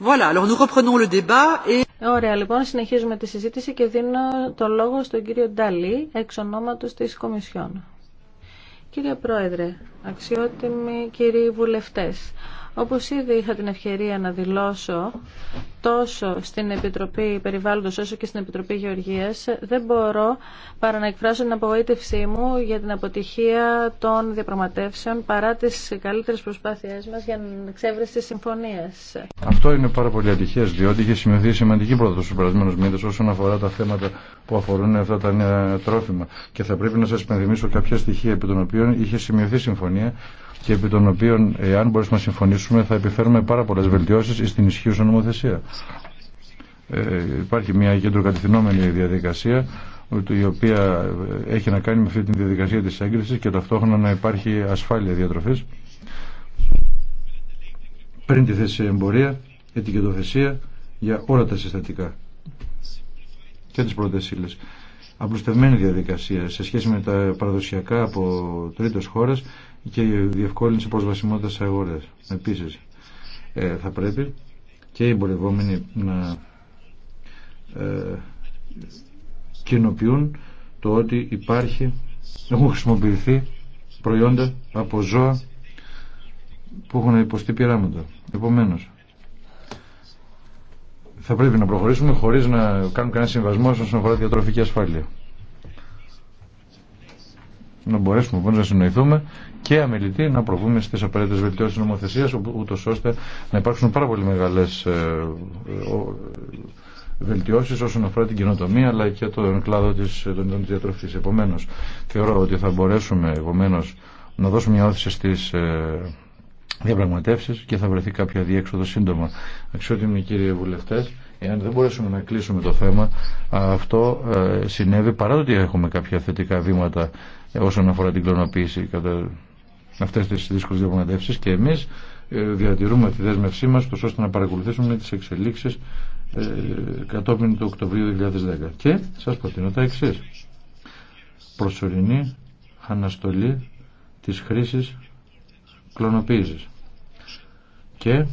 Ωραία, λοιπόν, συνεχίζουμε τη συζήτηση και δίνω το λόγο στον κύριο Νταλή, εξ ονόματος της Κομισιόν. Κύριε Πρόεδρε, αξιότιμοι κύριοι βουλευτές, όπως ήδη είχα την ευκαιρία να δηλώσω τόσο στην Επιτροπή Περιβάλλοντος όσο και στην Επιτροπή Γεωργίας δεν μπορώ παρά να εκφράσω την απογοήτευσή μου για την αποτυχία των διαπραγματεύσεων παρά τις καλύτερες προσπάθειές μας για την εξέβρεση τη συμφωνία. Αυτό είναι πάρα πολύ ατυχές διότι είχε σημειωθεί σημαντική πρόταση στους περασμένους μήνες όσον αφορά τα θέματα που αφορούν αυτά τα νέα τρόφιμα και θα πρέπει να σας υπενθυμίσω κάποια στοιχεία επί των οποίων είχε σημειωθεί συμφωνία και επί των οποίων, εάν μπορέσουμε να συμφωνήσουμε, θα επιφέρουμε πάρα πολλέ βελτιώσει στην ισχύουσα νομοθεσία. Ε, υπάρχει μια κέντρο κατευθυνόμενη διαδικασία η οποία ε, έχει να κάνει με αυτή τη διαδικασία της έγκρισης και ταυτόχρονα να υπάρχει ασφάλεια διατροφής πριν τη θέση εμπορία, ετικετοθεσία για όλα τα συστατικά και τις πρώτες ύλες. Απλουστευμένη διαδικασία σε σχέση με τα παραδοσιακά από τρίτες χώρες και η διευκόλυνση προσβασιμότητας αγορές. Επίσης, ε, θα πρέπει και οι εμπορευόμενοι να ε, κοινοποιούν το ότι υπάρχει, έχουν χρησιμοποιηθεί προϊόντα από ζώα που έχουν υποστεί πειράματα. Επομένως, θα πρέπει να προχωρήσουμε χωρίς να κάνουμε κανένα συμβασμό όσον αφορά τη διατροφική ασφάλεια να μπορέσουμε να συνοηθούμε και αμελητή να προβούμε στις απαραίτητες βελτιώσεις νομοθεσίας ούτως ώστε να υπάρξουν πάρα πολύ μεγάλες ε, ε, βελτιώσεις όσον αφορά την κοινοτομία αλλά και τον κλάδο της, ε, των διατροφής. Επομένως, θεωρώ ότι θα μπορέσουμε επομένως, να δώσουμε μια όθηση στις διαπραγματεύσεις και θα βρεθεί κάποια διέξοδο σύντομα. Αξιότιμοι κύριοι βουλευτές, εάν δεν μπορέσουμε να κλείσουμε το θέμα, αυτό συνέβη παρά ότι έχουμε κάποια θετικά βήματα όσον αφορά την κλωνοποίηση κατά αυτές τις δύσκολες διαπραγματεύσεις και εμείς ε, διατηρούμε τη δέσμευσή μας ώστε να παρακολουθήσουμε τις εξελίξεις ε, κατόπιν του Οκτωβρίου 2010. Και σας προτείνω τα εξή. Προσωρινή αναστολή της χρήσης κλωνοποίησης και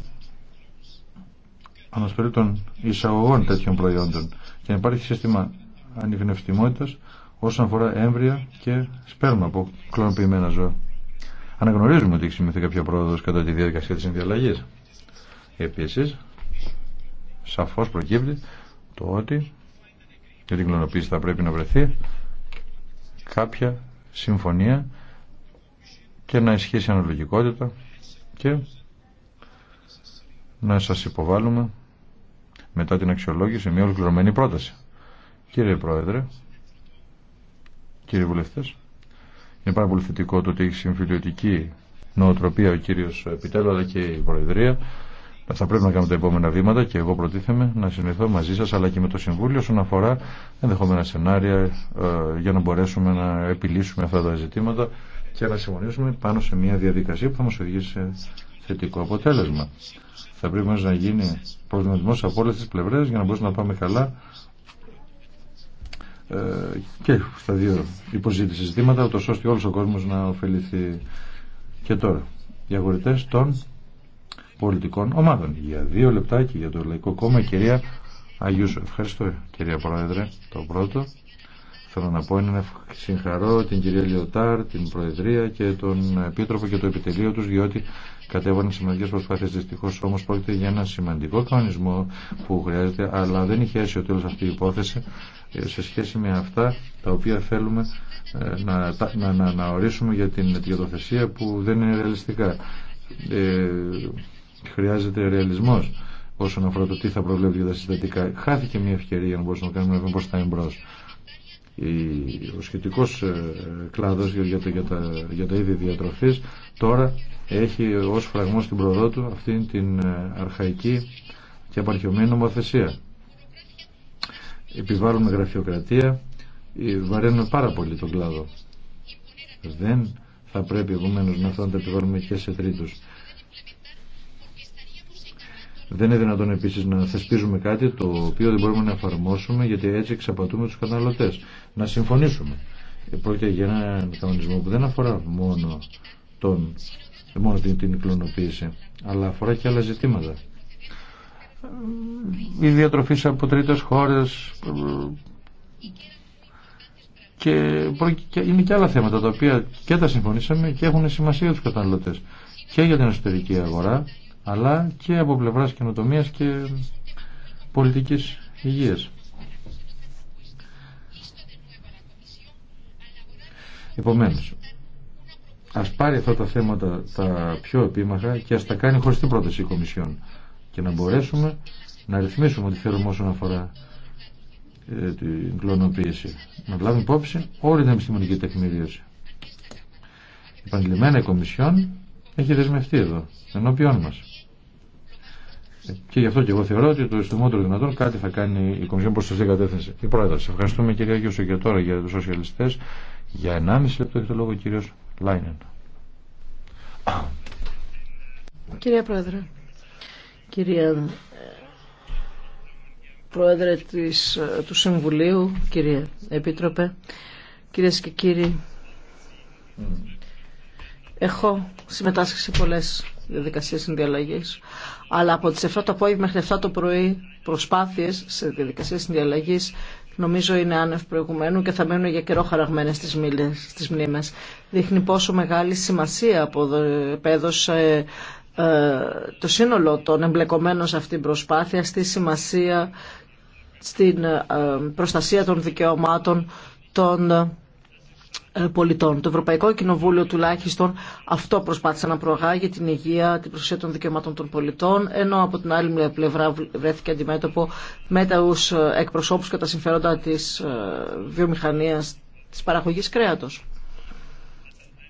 αναστολή των εισαγωγών τέτοιων προϊόντων και να υπάρχει σύστημα ανιχνευστημότητας όσον αφορά έμβρια και σπέρμα από κλωνοποιημένα ζώα. Αναγνωρίζουμε ότι έχει σημειωθεί κάποια πρόοδο κατά τη διαδικασία τη συνδιαλλαγή. Επίση, σαφώ προκύπτει το ότι για την κλωνοποίηση θα πρέπει να βρεθεί κάποια συμφωνία και να ισχύσει αναλογικότητα και να σας υποβάλουμε μετά την αξιολόγηση μια ολοκληρωμένη πρόταση. Κύριε Πρόεδρε, κύριοι βουλευτέ. Είναι πάρα πολύ θετικό το ότι έχει συμφιλιωτική νοοτροπία ο κύριο Επιτέλου αλλά και η Προεδρία. Θα πρέπει να κάνουμε τα επόμενα βήματα και εγώ προτίθεμαι να συνεχθώ μαζί σα αλλά και με το Συμβούλιο όσον αφορά ενδεχόμενα σενάρια ε, για να μπορέσουμε να επιλύσουμε αυτά τα ζητήματα και να συμφωνήσουμε πάνω σε μια διαδικασία που θα μα οδηγήσει σε θετικό αποτέλεσμα. Θα πρέπει να γίνει προβληματισμό από όλε τι πλευρέ για να μπορέσουμε να πάμε καλά ε, και στα δύο υποζήτηση ζητήματα, ούτω ώστε όλο ο κόσμο να ωφεληθεί και τώρα. Οι αγορητέ των πολιτικών ομάδων. Για δύο λεπτάκια για το Λαϊκό Κόμμα, κυρία Αγιούσο. Ευχαριστώ, κυρία Πρόεδρε, το πρώτο θέλω να πω είναι να συγχαρώ την κυρία Λιωτάρ, την Προεδρία και τον Επίτροπο και το Επιτελείο τους διότι κατέβαλαν σημαντικές προσπάθειες δυστυχώς όμως πρόκειται για ένα σημαντικό κανονισμό που χρειάζεται αλλά δεν είχε ο τέλος αυτή η υπόθεση ε, σε σχέση με αυτά τα οποία θέλουμε ε, να, να, να, να ορίσουμε για την αιτιοδοθεσία που δεν είναι ρεαλιστικά. Ε, χρειάζεται ρεαλισμός όσον αφορά το τι θα προβλέπει για τα συστατικά. Χάθηκε μια ευκαιρία να μπορούσαμε να κάνουμε πώ θα εμπρό ο σχετικός ε, κλάδος για, τα, για, τα, είδη διατροφής τώρα έχει ως φραγμό στην προδό του αυτήν την ε, αρχαϊκή και απαρχιωμένη νομοθεσία. Επιβάλλουμε γραφειοκρατία, ε, βαραίνουμε πάρα πολύ τον κλάδο. Δεν θα πρέπει επομένω να αυτά να τα επιβάλλουμε και σε τρίτους. Δεν είναι δυνατόν επίση να θεσπίζουμε κάτι το οποίο δεν μπορούμε να εφαρμόσουμε γιατί έτσι εξαπατούμε του καταναλωτέ να συμφωνήσουμε. Πρόκειται για έναν κανονισμό που δεν αφορά μόνο, τον, μόνο την, την κλωνοποίηση, αλλά αφορά και άλλα ζητήματα. Η διατροφή από τρίτες χώρες και είναι και άλλα θέματα τα οποία και τα συμφωνήσαμε και έχουν σημασία τους καταναλωτές και για την εσωτερική αγορά αλλά και από πλευράς καινοτομίας και πολιτικής υγείας. Επομένως, ας πάρει αυτά τα θέματα τα πιο επίμαχα και ας τα κάνει χωρίς την πρόταση η Κομισιόν και να μπορέσουμε να ρυθμίσουμε ό,τι θέλουμε όσον αφορά ε, την κλωνοποίηση. Να λάβουμε υπόψη όλη την επιστημονική τεκμηρίωση. Η η Κομισιόν έχει δεσμευτεί εδώ, ενώπιόν μας. Ε, και γι' αυτό και εγώ θεωρώ ότι το του δυνατόν κάτι θα κάνει η Κομισιόν προ αυτήν την κατεύθυνση. Η Πρόεδρε, ευχαριστούμε κυρία Γιώργο και τώρα για του σοσιαλιστέ. Για 1,5 λεπτό έχει το λόγο ο κύριος Λάινεν. Κυρία Πρόεδρε, κυρία ε, Πρόεδρε της, ε, του Συμβουλίου, κύριε Επίτροπε, κυρίες και κύριοι, έχω συμμετάσχει σε πολλές διαδικασίες συνδιαλλαγής, αλλά από τι 7 το απόγευμα μέχρι 7 το πρωί προσπάθειες σε διαδικασίες συνδιαλλαγής νομίζω είναι άνευ προηγουμένου και θα μένουν για καιρό χαραγμένες στις, μήλες, μνήμες. Δείχνει πόσο μεγάλη σημασία ε, το σύνολο των εμπλεκομένων σε αυτήν την προσπάθεια στη σημασία στην ε, προστασία των δικαιωμάτων των ε, πολιτών. Το Ευρωπαϊκό Κοινοβούλιο τουλάχιστον αυτό προσπάθησε να προαγάγει την υγεία, την προσοχή των δικαιωμάτων των πολιτών, ενώ από την άλλη πλευρά βρέθηκε αντιμέτωπο με τα ους ε, εκπροσώπους και τα συμφέροντα τη βιομηχανία της ε, παραγωγή κρέατος.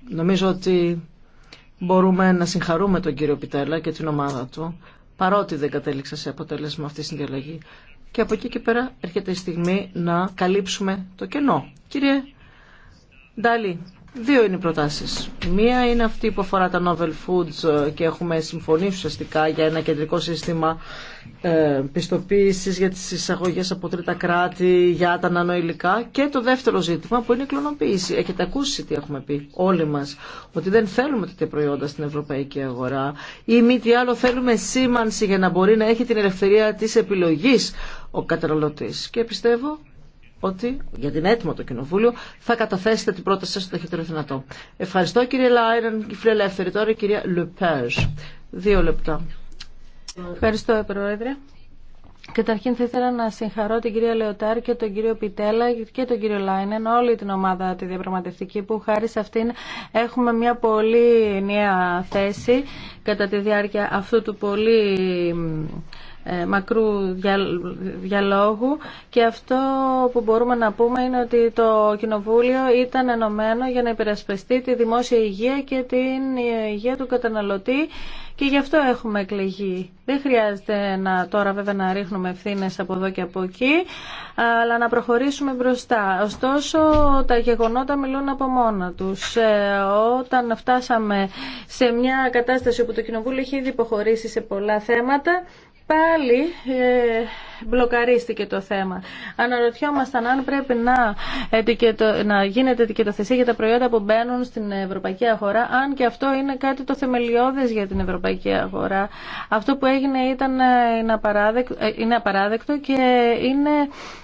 Νομίζω ότι μπορούμε να συγχαρούμε τον κύριο Πιτέλα και την ομάδα του, παρότι δεν κατέληξα σε αποτέλεσμα αυτή τη διαλλαγή. Και από εκεί και πέρα έρχεται η στιγμή να καλύψουμε το κενό. Κύριε Ντάλι, δύο είναι οι προτάσεις. Μία είναι αυτή που αφορά τα novel foods ε, και έχουμε συμφωνήσει ουσιαστικά για ένα κεντρικό σύστημα ε, πιστοποίηση για τι εισαγωγέ από τρίτα κράτη, για τα νανοηλικά και το δεύτερο ζήτημα που είναι η κλωνοποίηση. Έχετε ακούσει τι έχουμε πει όλοι μα ότι δεν θέλουμε τέτοια προϊόντα στην ευρωπαϊκή αγορά ή μη τι άλλο θέλουμε σήμανση για να μπορεί να έχει την ελευθερία τη επιλογή ο καταναλωτή. Και πιστεύω ότι για την έτοιμο το Κοινοβούλιο θα καταθέσετε την πρόταση σας στο ταχύτερο δυνατό. Ευχαριστώ κύριε Λάιρεν, η φιλελεύθερη τώρα η κυρία Λουπέζ. Δύο λεπτά. Ευχαριστώ Πρόεδρε. Καταρχήν θα ήθελα να συγχαρώ την κυρία Λεωτάρ και τον κύριο Πιτέλα και τον κύριο Λάινεν, όλη την ομάδα τη διαπραγματευτική που χάρη σε αυτήν έχουμε μια πολύ νέα θέση κατά τη διάρκεια αυτού του πολύ ε, μακρού διαλόγου και αυτό που μπορούμε να πούμε είναι ότι το Κοινοβούλιο ήταν ενωμένο για να υπερασπιστεί τη δημόσια υγεία και την υγεία του καταναλωτή και γι' αυτό έχουμε εκλεγεί. Δεν χρειάζεται να, τώρα βέβαια να ρίχνουμε ευθύνε από εδώ και από εκεί, αλλά να προχωρήσουμε μπροστά. Ωστόσο, τα γεγονότα μιλούν από μόνα του. Ε, όταν φτάσαμε σε μια κατάσταση όπου το Κοινοβούλιο έχει ήδη υποχωρήσει σε πολλά θέματα, πάλι ε, μπλοκαρίστηκε το θέμα. Αναρωτιόμασταν αν πρέπει να, ετικετο, να γίνεται ετικετοθεσία για τα προϊόντα που μπαίνουν στην ευρωπαϊκή αγορά, αν και αυτό είναι κάτι το θεμελιώδες για την ευρωπαϊκή αγορά. Αυτό που έγινε ήταν, ε, ε, είναι, απαράδεκτο, και είναι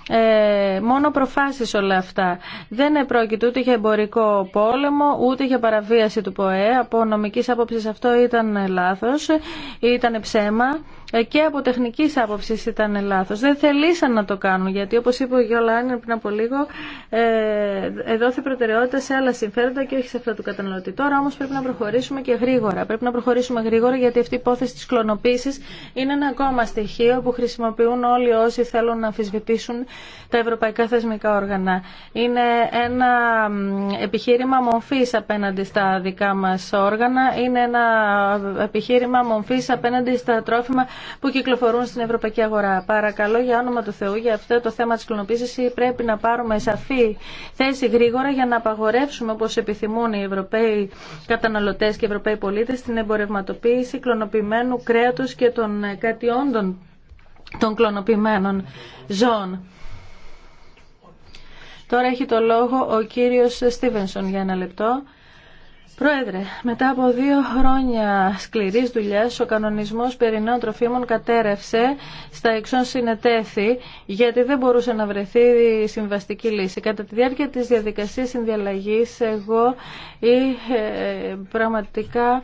ε, μόνο προφάσεις όλα αυτά. Δεν επρόκειται ούτε για εμπορικό πόλεμο, ούτε για παραβίαση του ΠΟΕ. Από νομικής άποψης αυτό ήταν λάθος, ήταν ψέμα και από τεχνικής άποψης ήταν λάθος λάθο. Δεν θελήσαν να το κάνουν γιατί όπω είπε ο Γιώλαν πριν από λίγο ε, ε, δόθη προτεραιότητα σε άλλα συμφέροντα και όχι σε αυτά του καταναλωτή. Τώρα όμω πρέπει να προχωρήσουμε και γρήγορα. Πρέπει να προχωρήσουμε γρήγορα γιατί αυτή η υπόθεση τη κλωνοποίηση είναι ένα ακόμα στοιχείο που χρησιμοποιούν όλοι όσοι θέλουν να αμφισβητήσουν τα ευρωπαϊκά θεσμικά όργανα. Είναι ένα επιχείρημα μορφή απέναντι στα δικά μα όργανα. Είναι ένα επιχείρημα μορφή απέναντι στα τρόφιμα που κυκλοφορούν στην ευρωπαϊκή αγορά. Καλό για όνομα του Θεού για αυτό το θέμα της κλωνοποίησης πρέπει να πάρουμε σαφή θέση γρήγορα για να απαγορεύσουμε όπως επιθυμούν οι Ευρωπαίοι καταναλωτές και οι Ευρωπαίοι πολίτες την εμπορευματοποίηση κλωνοποιημένου κρέατος και των κατιόντων των κλωνοποιημένων ζώων. Τώρα έχει το λόγο ο κύριος Στίβενσον για ένα λεπτό. Πρόεδρε, μετά από δύο χρόνια σκληρής δουλειά, ο κανονισμός περί νέων τροφίμων κατέρευσε, στα εξών συνετέθη, γιατί δεν μπορούσε να βρεθεί συμβαστική λύση. Κατά τη διάρκεια της διαδικασίας συνδιαλλαγής, εγώ ή, ε, πραγματικά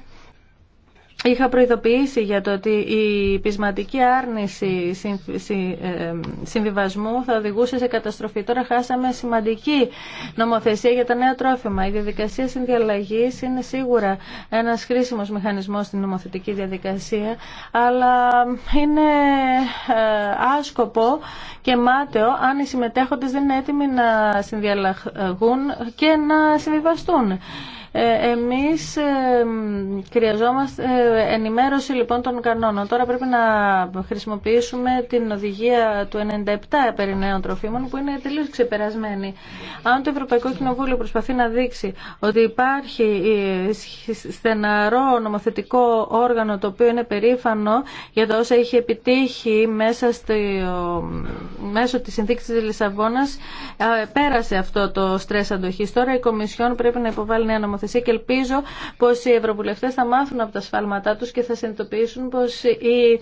Είχα προειδοποιήσει για το ότι η πεισματική άρνηση ε, συμβιβασμού θα οδηγούσε σε καταστροφή. Τώρα χάσαμε σημαντική νομοθεσία για τα νέα τρόφιμα. Η διαδικασία συνδιαλλαγής είναι σίγουρα ένας χρήσιμο μηχανισμός στην νομοθετική διαδικασία, αλλά είναι ε, άσκοπο και μάταιο αν οι συμμετέχοντε δεν είναι έτοιμοι να συνδιαλλαγούν και να συμβιβαστούν. Ε, εμείς ε, χρειαζόμαστε ε, ενημέρωση λοιπόν των κανόνων. Τώρα πρέπει να χρησιμοποιήσουμε την οδηγία του 97 περί νέων τροφίμων που είναι τελείως ξεπερασμένη. Αν το Ευρωπαϊκό Κοινοβούλιο προσπαθεί να δείξει ότι υπάρχει στεναρό νομοθετικό όργανο το οποίο είναι περήφανο για τα όσα είχε επιτύχει μέσα μέσω της συνθήκης της Λισαβόνας, πέρασε αυτό το στρες αντοχής. Τώρα η Κομισιόν πρέπει να υποβάλει νέα νομοθετική και ελπίζω πως οι ευρωβουλευτές θα μάθουν από τα σφάλματά τους και θα συνειδητοποιήσουν πως οι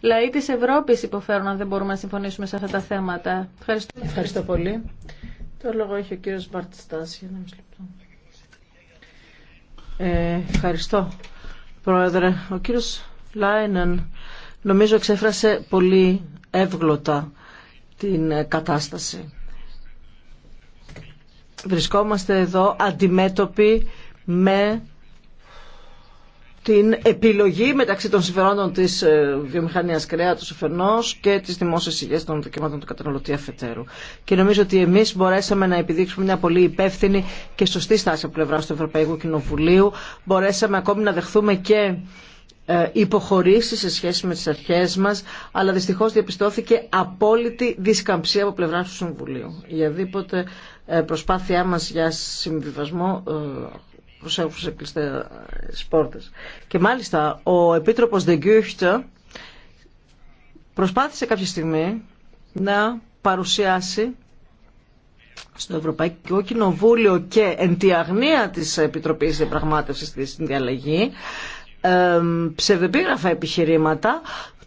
λαοί της Ευρώπης υποφέρουν αν δεν μπορούμε να συμφωνήσουμε σε αυτά τα θέματα. Ευχαριστώ. Ευχαριστώ πολύ. Το λόγο έχει ο κύριος Μπαρτιστάς για ε, ευχαριστώ, Πρόεδρε. Ο κύριος Λάινεν νομίζω εξέφρασε πολύ εύγλωτα την ε, κατάσταση. Βρισκόμαστε εδώ αντιμέτωποι με την επιλογή μεταξύ των συμφερόντων της ε, βιομηχανίας του αφενό και της δημόσιας υγεία των δικαιωμάτων του καταναλωτή αφετέρου. Και νομίζω ότι εμεί μπορέσαμε να επιδείξουμε μια πολύ υπεύθυνη και σωστή στάση από πλευρά του Ευρωπαϊκού Κοινοβουλίου. Μπορέσαμε ακόμη να δεχθούμε και ε, υποχωρήσει σε σχέση με τι αρχέ μα, αλλά δυστυχώ διαπιστώθηκε απόλυτη δισκαμψία από πλευρά του Συμβουλίου. Η ε, προσπάθειά μα για συμβιβασμό προσέχουν σε κλειστέ ε, πόρτε. Και μάλιστα ο επίτροπο Δεγκούχτα προσπάθησε κάποια στιγμή να παρουσιάσει στο Ευρωπαϊκό Κοινοβούλιο και εν τη αγνία της Επιτροπής Διαπραγμάτευσης της Διαλλαγή ψευδεπίγραφα επιχειρήματα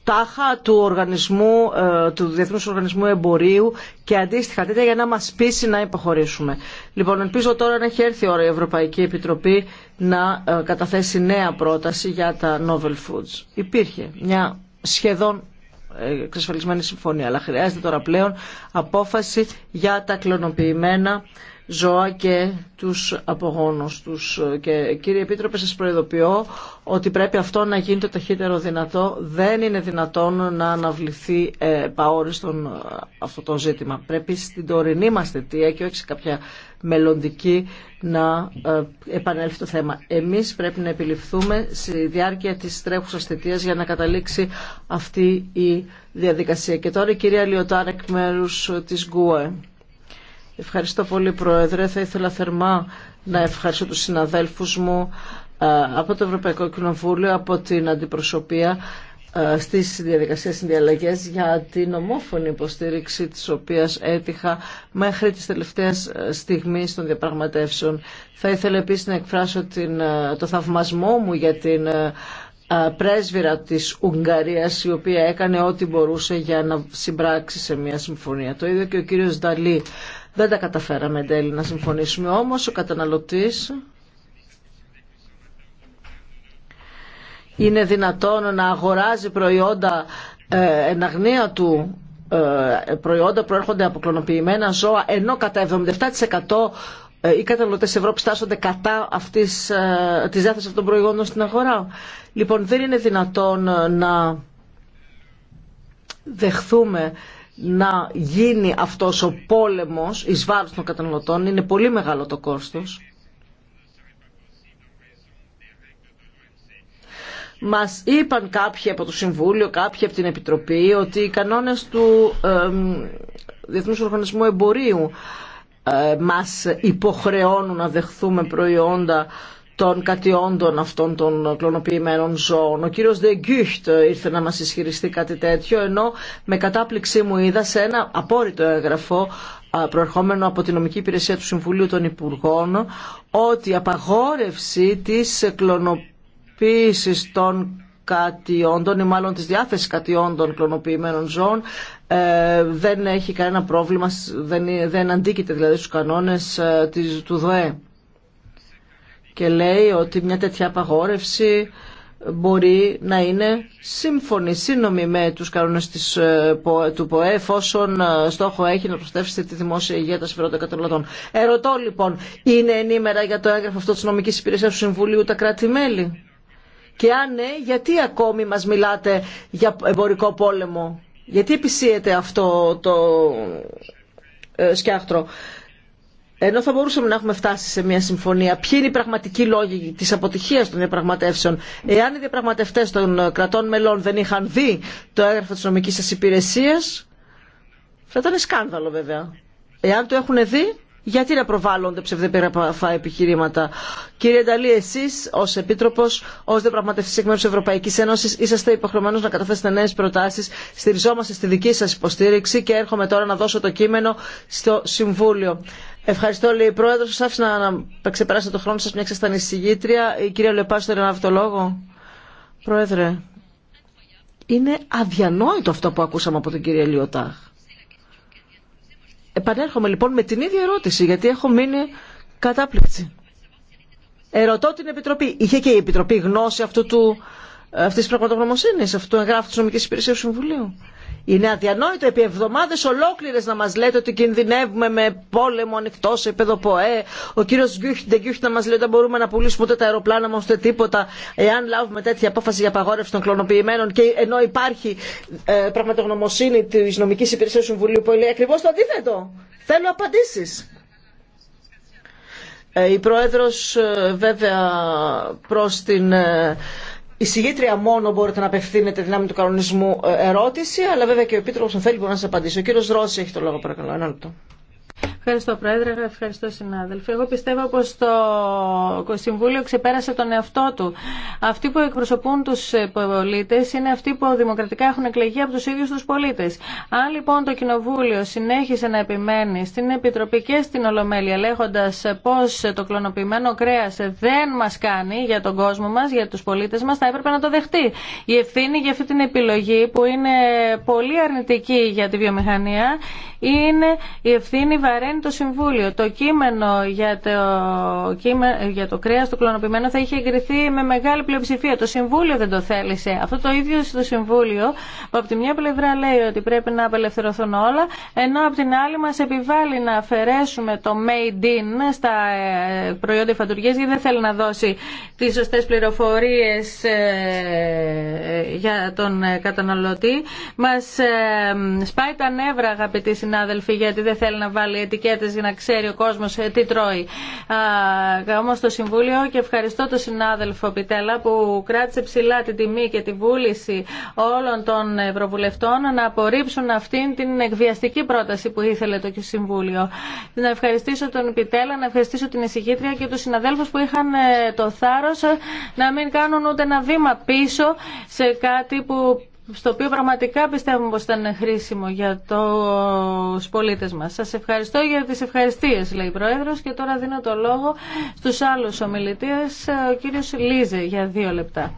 τάχα του, οργανισμού, ε, του Διεθνούς Οργανισμού Εμπορίου και αντίστοιχα τέτοια για να μας πείσει να υποχωρήσουμε. Λοιπόν, ελπίζω τώρα να έχει έρθει η ώρα η Ευρωπαϊκή Επιτροπή να ε, καταθέσει νέα πρόταση για τα novel foods. Υπήρχε μια σχεδόν ε, εξασφαλισμένη συμφωνία, αλλά χρειάζεται τώρα πλέον απόφαση για τα κλωνοποιημένα ζώα και τους απογόνους τους. Και κύριε Επίτροπε σας προειδοποιώ ότι πρέπει αυτό να γίνει το ταχύτερο δυνατό. Δεν είναι δυνατόν να αναβληθεί ε, παόριστον ε, αυτό το ζήτημα. Πρέπει στην τωρινή μας θετία και όχι σε κάποια μελλοντική να ε, επανέλθει το θέμα. Εμείς πρέπει να επιληφθούμε στη διάρκεια της τρέχουσας θετίας για να καταλήξει αυτή η διαδικασία. Και τώρα η κυρία Λιωτάρ εκ μέρους της ΓΚΟΕ. Ευχαριστώ πολύ Πρόεδρε. Θα ήθελα θερμά να ευχαριστώ τους συναδέλφους μου ε, από το Ευρωπαϊκό Κοινοβούλιο, από την Αντιπροσωπεία ε, στις διαδικασίες συνδιαλλαγές για την ομόφωνη υποστήριξη της οποίας έτυχα μέχρι τις τελευταίες ε, στιγμές των διαπραγματεύσεων. Θα ήθελα επίσης να εκφράσω την, το θαυμασμό μου για την πρέσβυρα της Ουγγαρίας η οποία έκανε ό,τι μπορούσε για να συμπράξει σε μια συμφωνία. Το ίδιο και ο κύριος Νταλή δεν τα καταφέραμε εν τέλει να συμφωνήσουμε. Όμως ο καταναλωτής είναι δυνατόν να αγοράζει προϊόντα ε, εν αγνία του ε, προϊόντα προέρχονται από κλωνοποιημένα ζώα ενώ κατά 77% ε, οι καταναλωτές Ευρώπη τάσσονται κατά ε, τη διάθεση αυτών των προϊόντων στην αγορά. Λοιπόν, δεν είναι δυνατόν να δεχθούμε να γίνει αυτός ο πόλεμος εις βάρος των καταναλωτών. Είναι πολύ μεγάλο το κόστος. Μας είπαν κάποιοι από το Συμβούλιο, κάποιοι από την Επιτροπή ότι οι κανόνες του ε, Διεθνούς Οργανισμού Εμπορίου ε, μας υποχρεώνουν να δεχθούμε προϊόντα των κατιόντων αυτών των κλωνοποιημένων ζώων. Ο κύριος Δεγκούχτ ήρθε να μας ισχυριστεί κάτι τέτοιο, ενώ με κατάπληξή μου είδα σε ένα απόρριτο έγγραφο προερχόμενο από την νομική υπηρεσία του Συμβουλίου των Υπουργών ότι η απαγόρευση της κλωνοποίησης των κατιόντων ή μάλλον της διάθεσης κατιόντων κλωνοποιημένων ζώων ε, δεν έχει κανένα πρόβλημα, δεν, δεν αντίκειται δηλαδή στους κανόνες ε, του ΔΟΕ και λέει ότι μια τέτοια απαγόρευση μπορεί να είναι σύμφωνη, σύνομη με τους κανόνες της, ε, του ΠΟΕ εφόσον ε, στόχο έχει να προστατεύσει τη δημόσια υγεία τα συμφέροντα καταναλωτών. Ερωτώ λοιπόν, είναι ενήμερα για το έγγραφο αυτό της νομικής υπηρεσίας του Συμβουλίου τα κράτη-μέλη. Και αν ναι, γιατί ακόμη μας μιλάτε για εμπορικό πόλεμο. Γιατί επισύεται αυτό το ε, σκιάχτρο ενώ θα μπορούσαμε να έχουμε φτάσει σε μια συμφωνία, ποιοι είναι οι πραγματικοί λόγοι τη αποτυχία των διαπραγματεύσεων. Εάν οι διαπραγματευτέ των κρατών μελών δεν είχαν δει το έγγραφο τη νομική σα υπηρεσία, θα ήταν σκάνδαλο βέβαια. Εάν το έχουν δει, γιατί να προβάλλονται ψευδεπίγραφα επιχειρήματα. Κύριε Νταλή, εσεί ω Επίτροπο, ω διαπραγματευτή εκ μέρου τη Ευρωπαϊκή Ένωση, είσαστε υποχρεωμένο να καταθέσετε νέε προτάσει. Στηριζόμαστε στη δική σα υποστήριξη και έρχομαι τώρα να δώσω το κείμενο στο Συμβούλιο. Ευχαριστώ, λέει η Πρόεδρο. Σα άφησα να ξεπεράσετε το χρόνο σα, μια ήταν εισηγήτρια. Η κυρία Λεπά, ένα να το λόγο. Πρόεδρε, είναι αδιανόητο αυτό που ακούσαμε από την κυρία Λιωτάχ. Επανέρχομαι λοιπόν με την ίδια ερώτηση, γιατί έχω μείνει κατάπληξη. Ερωτώ την Επιτροπή. Είχε και η Επιτροπή γνώση αυτή τη αυτής της πραγματογνωμοσύνης, αυτού του εγγράφου της νομικής υπηρεσίας του Συμβουλίου. Είναι αδιανόητο επί εβδομάδες ολόκληρες να μα λέτε ότι κινδυνεύουμε με πόλεμο ανοιχτό σε επίπεδο ΠΟΕ. Ο κύριος Ντεγκιούχ να μα λέει ότι δεν μπορούμε να πουλήσουμε ούτε τα αεροπλάνα μα ούτε τίποτα εάν λάβουμε τέτοια απόφαση για απαγόρευση των κλωνοποιημένων και ενώ υπάρχει ε, πραγματογνωμοσύνη τη νομική υπηρεσία του Συμβουλίου που λέει Ακριβώ το αντίθετο. Θέλω απαντήσεις. Ε, η Πρόεδρος ε, βέβαια προ την ε, η συγγήτρια μόνο μπορείτε να απευθύνετε δυνάμει του κανονισμού ε, ερώτηση, αλλά βέβαια και ο Επίτροπος αν θέλει μπορεί να σας απαντήσει. Ο κύριος Ρώση έχει το λόγο παρακαλώ. Ένα λεπτό. Ευχαριστώ Πρόεδρε, ευχαριστώ συνάδελφοι. Εγώ πιστεύω πως το Συμβούλιο ξεπέρασε τον εαυτό του. Αυτοί που εκπροσωπούν τους πολίτες είναι αυτοί που δημοκρατικά έχουν εκλεγεί από τους ίδιους τους πολίτες. Αν λοιπόν το Κοινοβούλιο συνέχισε να επιμένει στην Επιτροπή και στην Ολομέλεια λέγοντα πως το κλωνοποιημένο κρέας δεν μας κάνει για τον κόσμο μας, για τους πολίτες μας, θα έπρεπε να το δεχτεί. Η ευθύνη για αυτή την επιλογή που είναι πολύ αρνητική για τη βιομηχανία είναι η ευθύνη το Συμβούλιο. Το κείμενο για το, για το κρέας του κλωνοποιημένου θα είχε εγκριθεί με μεγάλη πλειοψηφία. Το Συμβούλιο δεν το θέλησε. Αυτό το ίδιο στο Συμβούλιο που από τη μια πλευρά λέει ότι πρέπει να απελευθερωθούν όλα ενώ από την άλλη μας επιβάλλει να αφαιρέσουμε το made in στα ε, προϊόντα υφαντουργίας γιατί δεν θέλει να δώσει τις σωστές πληροφορίες ε, για τον ε, καταναλωτή. Μας σπάει τα νεύρα αγαπητοί συνάδελφοι γιατί δεν θέλει να βάλει ετικέτες για να ξέρει ο κόσμος ε, τι τρώει. Όμω το Συμβούλιο και ευχαριστώ τον συνάδελφο Πιτέλα που κράτησε ψηλά την τιμή και τη βούληση όλων των Ευρωβουλευτών να απορρίψουν αυτήν την εκβιαστική πρόταση που ήθελε το Συμβούλιο. Να ευχαριστήσω τον Πιτέλα, να ευχαριστήσω την εισηγήτρια και τους συναδέλφους που είχαν ε, το θάρρος ε, να μην κάνουν ούτε ένα βήμα πίσω σε κάτι που στο οποίο πραγματικά πιστεύουμε πως ήταν χρήσιμο για τους πολίτες μας. Σας ευχαριστώ για τις ευχαριστίες, λέει η Πρόεδρος, και τώρα δίνω το λόγο στους άλλους ομιλητές, ο κύριος Λίζε, για δύο λεπτά.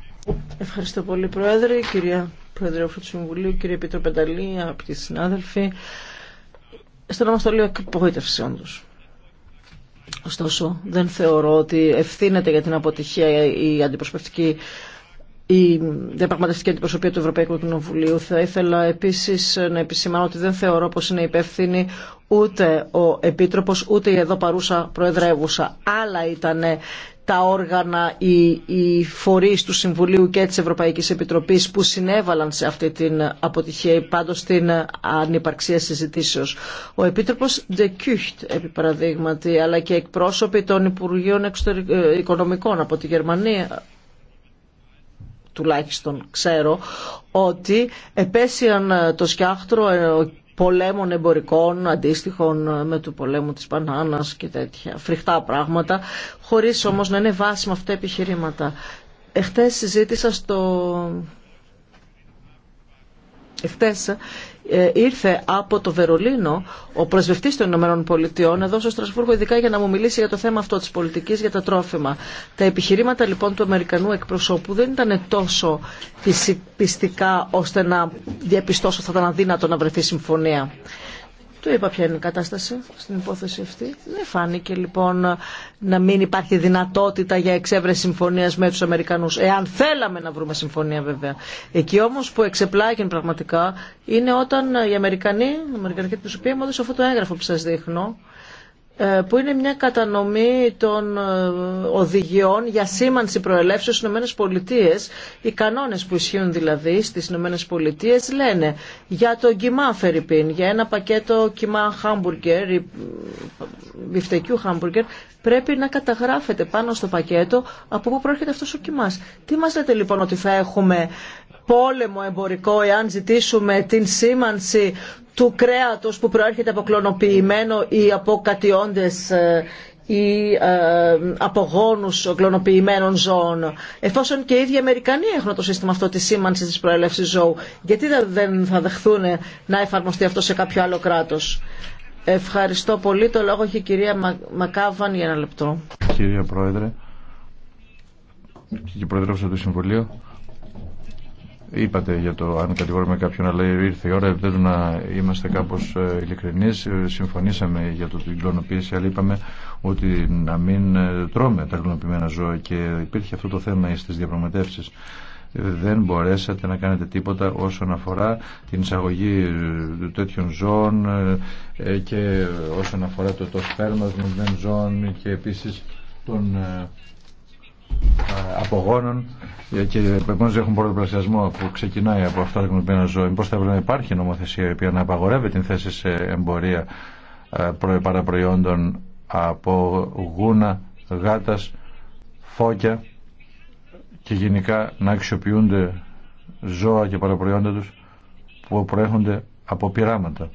Ευχαριστώ πολύ, Πρόεδρε, κυρία Πρόεδρε του Συμβουλίου, κύριε Πίτρο Πενταλή, αγαπητοί συνάδελφοι. το λέω απογοήτευση, όντως. Ωστόσο, δεν θεωρώ ότι ευθύνεται για την αποτυχία η αντιπροσωπευτική η διαπραγματευτική αντιπροσωπεία του Ευρωπαϊκού Κοινοβουλίου. Θα ήθελα επίσης να επισημάνω ότι δεν θεωρώ πως είναι υπεύθυνη ούτε ο Επίτροπος ούτε η εδώ παρούσα Προεδρεύουσα. Άλλα ήταν τα όργανα, οι, οι φορείς του Συμβουλίου και της Ευρωπαϊκής Επιτροπής που συνέβαλαν σε αυτή την αποτυχία ή πάντως στην ανυπαρξία συζητήσεως. Ο Επίτροπος De Kucht, επί παραδείγματι, αλλά και εκπρόσωποι των Υπουργείων ε, Οικονομικών από τη Γερμανία, τουλάχιστον ξέρω ότι επέσιαν ε, το σκιάχτρο ε, πολέμων εμπορικών, αντίστοιχων ε, με του πολέμου της Πανάνας και τέτοια φρικτά πράγματα, χωρίς όμως να είναι βάσιμα αυτά τα επιχειρήματα. Εχθές συζήτησα στο... Εχθές ε, ήρθε από το Βερολίνο ο πρεσβευτής των Ηνωμένων Πολιτειών εδώ στο Στρασβούργο ειδικά για να μου μιλήσει για το θέμα αυτό της πολιτικής για τα τρόφιμα. Τα επιχειρήματα λοιπόν του Αμερικανού εκπροσώπου δεν ήταν τόσο πιστικά ώστε να διαπιστώσω θα ήταν αδύνατο να βρεθεί συμφωνία. Του είπα ποια είναι η κατάσταση στην υπόθεση αυτή. Δεν φάνηκε λοιπόν να μην υπάρχει δυνατότητα για εξέβρεση συμφωνίας με τους Αμερικανούς. Εάν θέλαμε να βρούμε συμφωνία βέβαια. Εκεί όμως που εξεπλάγει πραγματικά είναι όταν οι Αμερικανοί, η Αμερικανική του μου έδωσε αυτό το έγγραφο που σας δείχνω ε, που είναι μια κατανομή των ε, οδηγιών για σήμανση προελεύσεως στις Ηνωμένες Πολιτείες. Οι κανόνες που ισχύουν δηλαδή στις Ηνωμένες Πολιτείες λένε για το κιμά φεριπίν, για ένα πακέτο κοιμά χάμπουργκερ ή βιφτεκιού χάμπουργκερ πρέπει να καταγράφεται πάνω στο πακέτο από πού προέρχεται αυτός ο κιμάς. Τι μας λέτε λοιπόν ότι θα έχουμε πόλεμο εμπορικό εάν ζητήσουμε την σήμανση του κρέατος που προέρχεται από κλωνοποιημένο ή από κατιόντες ε, ή ε, από γόνους κλωνοποιημένων ζώων. Εφόσον και οι ίδιοι Αμερικανοί έχουν το σύστημα αυτό της σήμανσης της προέλευσης ζώου, γιατί δεν θα δεχθούν να εφαρμοστεί αυτό σε κάποιο άλλο κράτος. Ευχαριστώ πολύ. Το λόγο έχει η κυρία Μακάβαν για ένα λεπτό. Κυρία Πρόεδρε, κύριε Πρόεδρε του Είπατε για το αν κατηγορούμε κάποιον, αλλά ήρθε η ώρα επιτέλου να είμαστε κάπω ε, ειλικρινεί. Ε, συμφωνήσαμε για το, την κλωνοποίηση, αλλά είπαμε ότι να μην ε, τρώμε τα κλωνοποιημένα ζώα και υπήρχε αυτό το θέμα στι διαπραγματεύσει. Δεν μπορέσατε να κάνετε τίποτα όσον αφορά την εισαγωγή τέτοιων ζώων και όσον αφορά το, το σπέρμα των ζώων και επίσης τον ε, απογόνων ε, και επομένω έχουν πρωτοπλασιασμό που ξεκινάει από αυτά τα ένα ζώα. Πώ θα να υπάρχει νομοθεσία η οποία να απαγορεύει την θέση σε εμπορία ε, παραπροϊόντων από γούνα, γάτα, φώκια και γενικά να αξιοποιούνται ζώα και παραπροϊόντα τους που προέρχονται από πειράματα.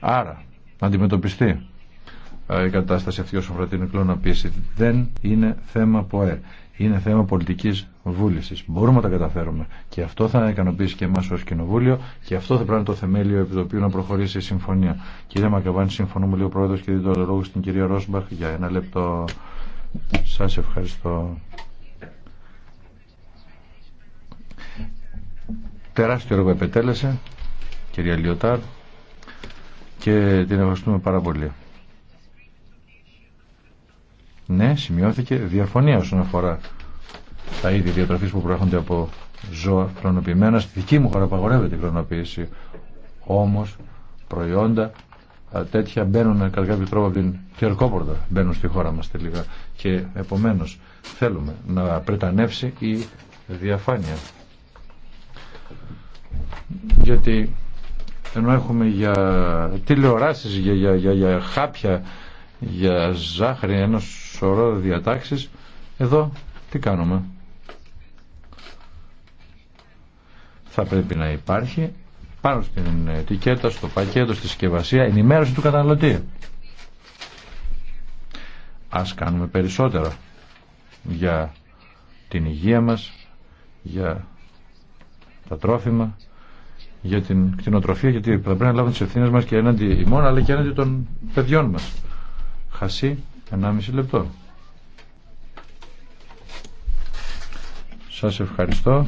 Άρα, να αντιμετωπιστεί ε, η κατάσταση αυτή όσον αφορά την κλωνοποίηση. Δεν είναι θέμα ΠΟΕ. Είναι θέμα πολιτική βούληση. Μπορούμε να τα καταφέρουμε. Και αυτό θα ικανοποιήσει και εμά ω Κοινοβούλιο και αυτό θα πρέπει να είναι το θεμέλιο επί το οποίο να προχωρήσει η συμφωνία. Κύριε Μακαβάνη, συμφωνούμε λίγο πρόεδρο και δίνω το λόγο στην κυρία Ρόσμπαχ για ένα λεπτό. Σα ευχαριστώ. Τεράστιο έργο επετέλεσε, κυρία Λιωτάρ, και την ευχαριστούμε πάρα πολύ. Ναι, σημειώθηκε διαφωνία όσον αφορά τα είδη διατροφής που προέρχονται από ζώα χρονοποιημένα. Στη δική μου χώρα απαγορεύεται η χρονοποίηση. Όμως προϊόντα τέτοια μπαίνουν κατά κάποιο τρόπο από την Κερκόπορτα, μπαίνουν στη χώρα μας τελικά. Και επομένως θέλουμε να πρετανεύσει η διαφάνεια. Γιατί ενώ έχουμε για τηλεοράσεις, για, για, για, για χάπια, για ζάχαρη, ένας σωρό διατάξεις. Εδώ τι κάνουμε. Θα πρέπει να υπάρχει πάνω στην ετικέτα, στο πακέτο, στη συσκευασία, ενημέρωση του καταναλωτή. Ας κάνουμε περισσότερα για την υγεία μας, για τα τρόφιμα, για την κτηνοτροφία, γιατί θα πρέπει να λάβουν τις ευθύνες μας και έναντι ημών, αλλά και έναντι των παιδιών μας. Χασί, 1,5 λεπτό. Σας ευχαριστώ.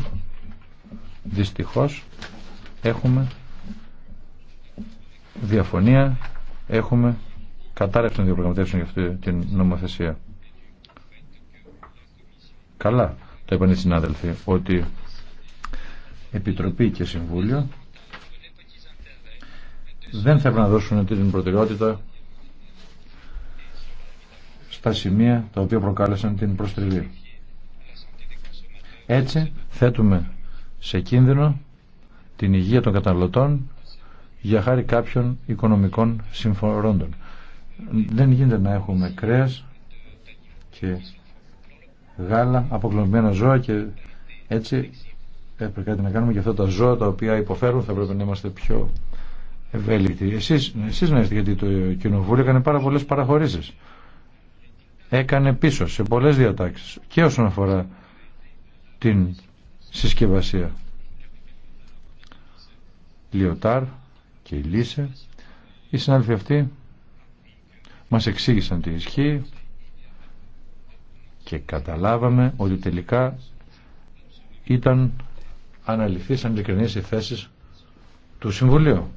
Δυστυχώς έχουμε διαφωνία, έχουμε κατάρρευση των διαπραγματεύσεων για αυτή την νομοθεσία. Καλά το είπαν οι συνάδελφοι ότι Επιτροπή και Συμβούλιο δεν θέλουν να δώσουν την προτεραιότητα τα σημεία τα οποία προκάλεσαν την προστριβή. Έτσι θέτουμε σε κίνδυνο την υγεία των καταναλωτών για χάρη κάποιων οικονομικών συμφορώντων. Δεν γίνεται να έχουμε κρέας και γάλα, αποκλωμμένα ζώα και έτσι ε, έπρεπε κάτι να κάνουμε για αυτά τα ζώα τα οποία υποφέρουν θα πρέπει να είμαστε πιο ευέλικτοι. Εσείς, εσείς να είστε γιατί το κοινοβούλιο έκανε πάρα πολλές παραχωρήσεις έκανε πίσω σε πολλές διατάξεις και όσον αφορά την συσκευασία. Λιωτάρ και η Λύσε οι συνάδελφοι αυτοί μας εξήγησαν τι ισχύει και καταλάβαμε ότι τελικά ήταν αναλυθείς αν οι θέσεις του Συμβουλίου.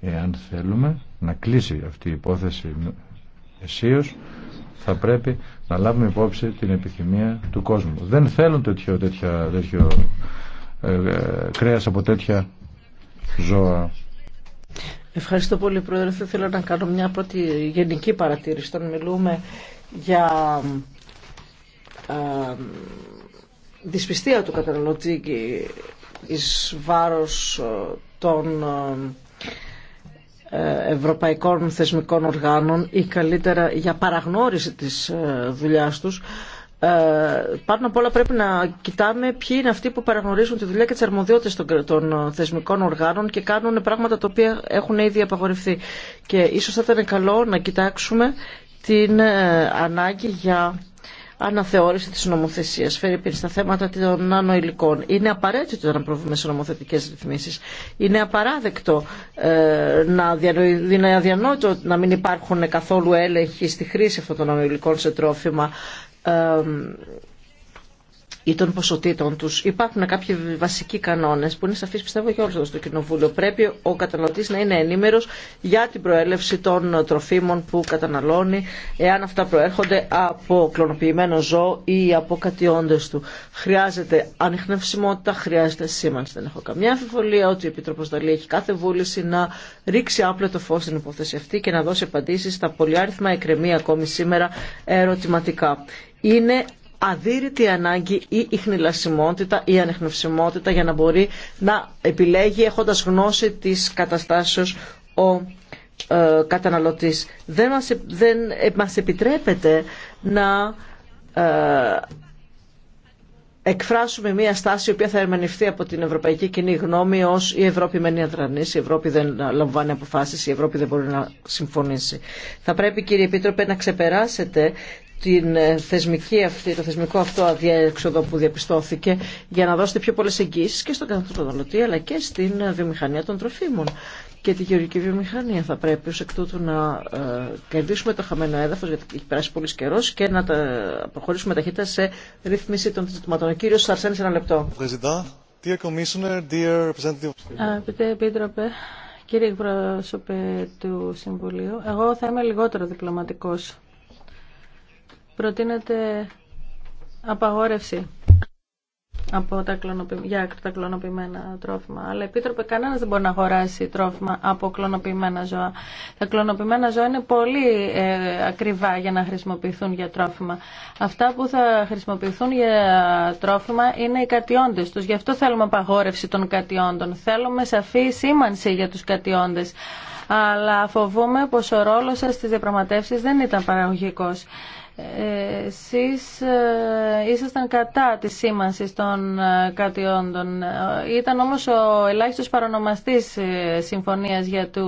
Εάν θέλουμε να κλείσει αυτή η υπόθεση αισίως, θα πρέπει να λάβουμε υπόψη την επιθυμία του κόσμου. Δεν θέλουν τέτοιο, τέτοια, τέτοιο ε, ε, κρέας από τέτοια ζώα. Ευχαριστώ πολύ Πρόεδρε. Θα ήθελα να κάνω μια πρώτη γενική παρατήρηση. Όταν μιλούμε για ε, δυσπιστία του καταναλωτή εις βάρος ε, των ε, ε, ευρωπαϊκών θεσμικών οργάνων ή καλύτερα για παραγνώριση της ε, δουλειάς τους ε, πάνω απ' όλα πρέπει να κοιτάμε ποιοι είναι αυτοί που παραγνωρίζουν τη δουλειά και τι αρμοδιότητε των, θεσμικών οργάνων και κάνουν πράγματα τα οποία έχουν ήδη απαγορευτεί. Και ίσως θα ήταν καλό να κοιτάξουμε την ανάγκη για αναθεώρηση της νομοθεσίας, φέρει στα θέματα των νάνο Είναι απαραίτητο να προβούμε σε νομοθετικές ρυθμίσεις. Είναι απαράδεκτο ε, να, είναι αδιανόητο να μην υπάρχουν καθόλου έλεγχοι στη χρήση αυτών των νάνο σε τρόφιμα. Ε, ή των ποσοτήτων τους. Υπάρχουν κάποιοι βασικοί κανόνες που είναι σαφείς πιστεύω για όλους εδώ στο Κοινοβούλιο. Πρέπει ο καταναλωτή να είναι ενήμερος για την προέλευση των τροφίμων που καταναλώνει, εάν αυτά προέρχονται από κλωνοποιημένο ζώο ή από κατιόντες του. Χρειάζεται ανιχνευσιμότητα, χρειάζεται σήμανση. Δεν έχω καμιά αμφιβολία ότι η απο κατιοντε του χρειαζεται Δαλή έχει οτι η επιτροπο δαλη βούληση να ρίξει άπλετο φω στην υπόθεση αυτή και να δώσει απαντήσει στα πολυάριθμα εκκρεμή ακόμη σήμερα ερωτηματικά. Είναι αδύρυτη ανάγκη η ιχνηλασιμότητα ή ανεχνευσιμότητα για να μπορεί να επιλέγει έχοντας γνώση της καταστάσεως ο ε, καταναλωτής. Δεν μας, δεν ε, μας επιτρέπεται να ε, εκφράσουμε μια στάση η οποία θα ερμηνευτεί από την ευρωπαϊκή κοινή γνώμη ως η Ευρώπη μένει αδρανή, η Ευρώπη δεν λαμβάνει αποφάσεις, η Ευρώπη δεν μπορεί να συμφωνήσει. Θα πρέπει, κύριε Επίτροπε, να ξεπεράσετε την ε, θεσμική αυτή, το θεσμικό αυτό αδιέξοδο που διαπιστώθηκε για να δώσετε πιο πολλές εγγύσεις και στον καταναλωτή αλλά και στην ε, βιομηχανία των τροφίμων. Και τη γεωργική βιομηχανία θα πρέπει ως εκ τούτου να ε, κερδίσουμε το χαμένο έδαφος γιατί έχει περάσει πολύ καιρό και να τα προχωρήσουμε ταχύτητα σε ρύθμιση των ζητηματών. Ο κύριος Σαρσένης, ένα λεπτό. Αγαπητέ Επίτροπε, κύριε εκπρόσωπε του Συμβουλίου, εγώ θα είμαι λιγότερο διπλωματικός προτείνεται απαγόρευση από τα για τα κλωνοποιημένα τρόφιμα. Αλλά επίτροπε, κανένα δεν μπορεί να αγοράσει τρόφιμα από κλωνοποιημένα ζώα. Τα κλωνοποιημένα ζώα είναι πολύ ε, ακριβά για να χρησιμοποιηθούν για τρόφιμα. Αυτά που θα χρησιμοποιηθούν για τρόφιμα είναι οι κατιόντε του. Γι' αυτό θέλουμε απαγόρευση των κατιόντων. Θέλουμε σαφή σήμανση για του κατιόντε. Αλλά φοβούμε πω ο ρόλο σα στι διαπραγματεύσει δεν ήταν παραγωγικό εσείς ε, ήσασταν κατά της σήμανση των ε, κατιόντων. Ε, ήταν όμως ο ελάχιστος παρονομαστής συμφωνίας για το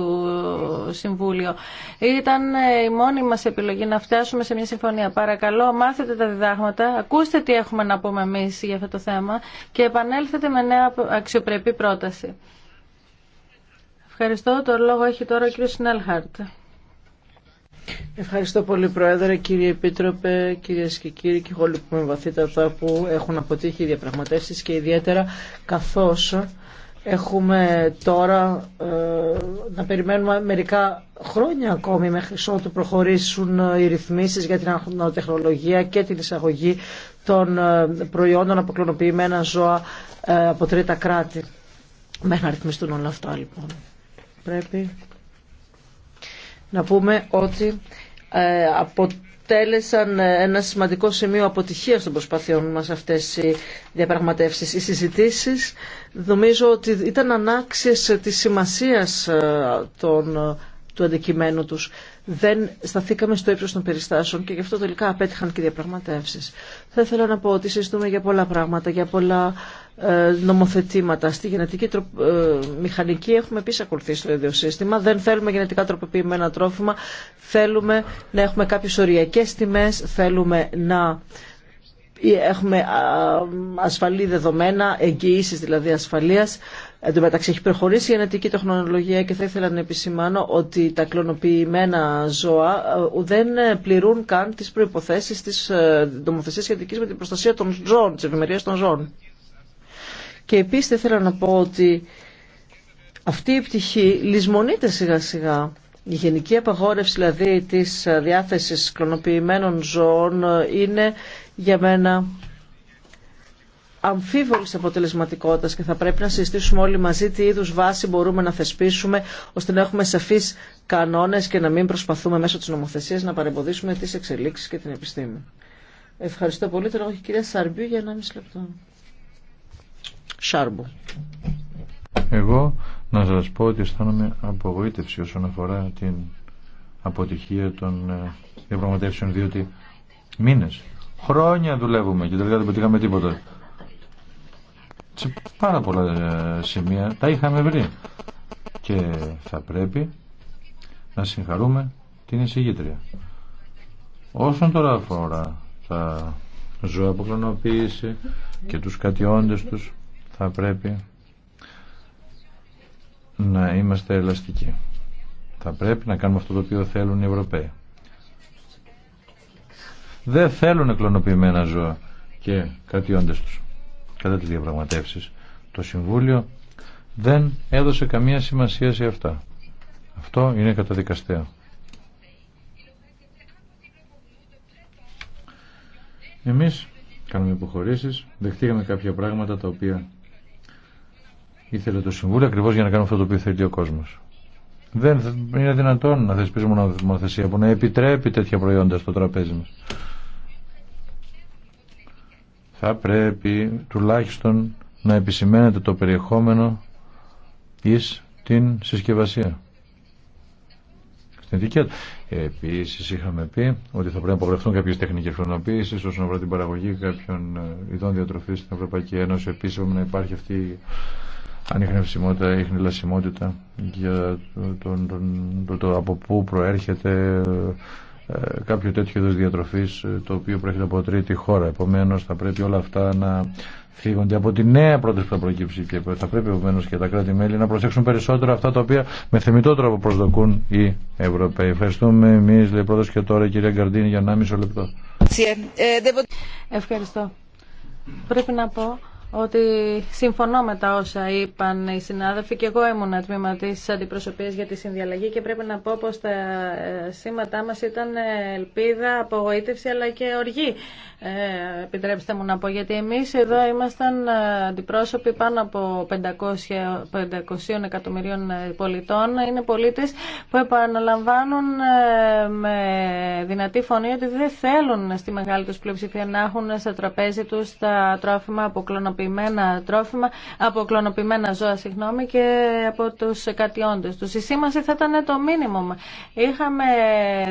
Συμβούλιο. Ήταν η μόνη μας επιλογή να φτάσουμε σε μια συμφωνία. Παρακαλώ μάθετε τα διδάγματα, ακούστε τι έχουμε να πούμε εμείς για αυτό το θέμα και επανέλθετε με νέα αξιοπρεπή πρόταση. Ευχαριστώ. Το λόγο έχει τώρα ο κ. Σνέλχαρτ. Ευχαριστώ πολύ Πρόεδρε, κύριε Επίτροπε, κυρίε και κύριοι και όλοι που με βαθύτατα που έχουν αποτύχει οι διαπραγματεύσεις και ιδιαίτερα καθώς έχουμε τώρα ε, να περιμένουμε μερικά χρόνια ακόμη μέχρι ότου προχωρήσουν ε, οι ρυθμίσεις για την τεχνολογία και την εισαγωγή των ε, προϊόντων από ζώα από τρίτα κράτη. Μέχρι να ρυθμιστούν όλα αυτά λοιπόν να πούμε ότι ε, αποτέλεσαν ένα σημαντικό σημείο αποτυχίας των προσπαθειών μας αυτές οι διαπραγματεύσεις, οι συζητήσεις. Νομίζω ότι ήταν ανάξιες της σημασίας ε, των, ε, του αντικειμένου τους. Δεν σταθήκαμε στο ύψος των περιστάσεων και γι' αυτό τελικά απέτυχαν και οι διαπραγματεύσεις. Θα ήθελα να πω ότι συζητούμε για πολλά πράγματα, για πολλά ε, νομοθετήματα. Στη γενετική ε, μηχανική έχουμε επίση ακολουθήσει το ίδιο σύστημα. Δεν θέλουμε γενετικά τροποποιημένα τρόφιμα. Θέλουμε να έχουμε κάποιε οριακέ τιμέ. Θέλουμε να ε, έχουμε ασφαλή δεδομένα, εγγυήσει δηλαδή ασφαλεία. Εν τω μεταξύ έχει προχωρήσει η γενετική τεχνολογία και θα ήθελα να επισημάνω ότι τα κλωνοποιημένα ζώα δεν πληρούν καν τις προϋποθέσεις της νομοθεσίας σχετικής με την προστασία των ζώων, της ευημερίας των ζώων. Και επίσης θέλω να πω ότι αυτή η πτυχή λησμονείται σιγά σιγά. Η γενική απαγόρευση δηλαδή της διάθεσης κλωνοποιημένων ζώων είναι για μένα αμφίβολης αποτελεσματικότητας και θα πρέπει να συζητήσουμε όλοι μαζί τι είδους βάση μπορούμε να θεσπίσουμε ώστε να έχουμε σαφείς κανόνες και να μην προσπαθούμε μέσω της νομοθεσίας να παρεμποδίσουμε τις εξελίξεις και την επιστήμη. Ευχαριστώ πολύ. Τώρα έχει η κυρία Σαρμπιού για 1,5 λεπτό. Εγώ να σας πω ότι αισθάνομαι απογοήτευση όσον αφορά την αποτυχία των ε, διαπραγματεύσεων διότι μήνες, χρόνια δουλεύουμε και τελικά δεν πετύχαμε τίποτα. Σε πάρα πολλά ε, σημεία τα είχαμε βρει και θα πρέπει να συγχαρούμε την εισηγήτρια. Όσον τώρα αφορά τα ζωά που και τους κατιόντες τους θα πρέπει να είμαστε ελαστικοί. Θα πρέπει να κάνουμε αυτό το οποίο θέλουν οι Ευρωπαίοι. Δεν θέλουν κλωνοποιημένα ζώα και κρατιώντες τους κατά τις διαπραγματεύσεις. Το Συμβούλιο δεν έδωσε καμία σημασία σε αυτά. Αυτό είναι καταδικαστέο. Εμείς κάνουμε υποχωρήσεις, δεχτήκαμε κάποια πράγματα τα οποία ήθελε το Συμβούλιο ακριβώ για να κάνουμε αυτό το οποίο θέλει ο κόσμο. Δεν είναι δυνατόν να θεσπίζουμε δημοθεσία που να επιτρέπει τέτοια προϊόντα στο τραπέζι μα. Θα πρέπει τουλάχιστον να επισημαίνεται το περιεχόμενο εις την συσκευασία. Στην ετικέτα. Επίση, είχαμε πει ότι θα πρέπει να απογραφούν κάποιε τεχνικέ χρονοποίησει όσον αφορά την παραγωγή κάποιων ε, ειδών διατροφή στην Ευρωπαϊκή Ένωση. Επίση, να υπάρχει αυτή ανιχνευσιμότητα, ιχνηλασιμότητα για το, το, το, το, από πού προέρχεται ε, κάποιο τέτοιο είδος διατροφής ε, το οποίο προέρχεται από τρίτη χώρα. Επομένως θα πρέπει όλα αυτά να φύγονται από τη νέα πρόταση που θα προκύψει και θα πρέπει επομένω και τα κράτη-μέλη να προσέξουν περισσότερο αυτά τα οποία με θεμητό τρόπο προσδοκούν οι Ευρωπαίοι. Ευχαριστούμε εμεί, λέει πρώτα και τώρα η κυρία Γκαρντίνη για μισό λεπτό. Ε, Ευχαριστώ. Πρέπει να πω ότι συμφωνώ με τα όσα είπαν οι συνάδελφοι και εγώ ήμουν τμήμα τη αντιπροσωπεία για τη συνδιαλλαγή και πρέπει να πω πω τα ε, σήματά μα ήταν ε, ελπίδα, απογοήτευση αλλά και οργή. Ε, επιτρέψτε μου να πω γιατί εμεί εδώ ήμασταν ε, αντιπρόσωποι πάνω από 500, 500 εκατομμυρίων πολιτών. Είναι πολίτε που επαναλαμβάνουν με δυνατή φωνή ότι δεν θέλουν στη μεγάλη του πλειοψηφία να έχουν στα τραπέζι του τα τρόφιμα αποκλωνοποιημένα κλωνοποιημένα τρόφιμα, από κλωνοποιημένα ζώα, συγγνώμη, και από τους κατιόντε του Η σήμανση θα ήταν το μίνιμουμ. Είχαμε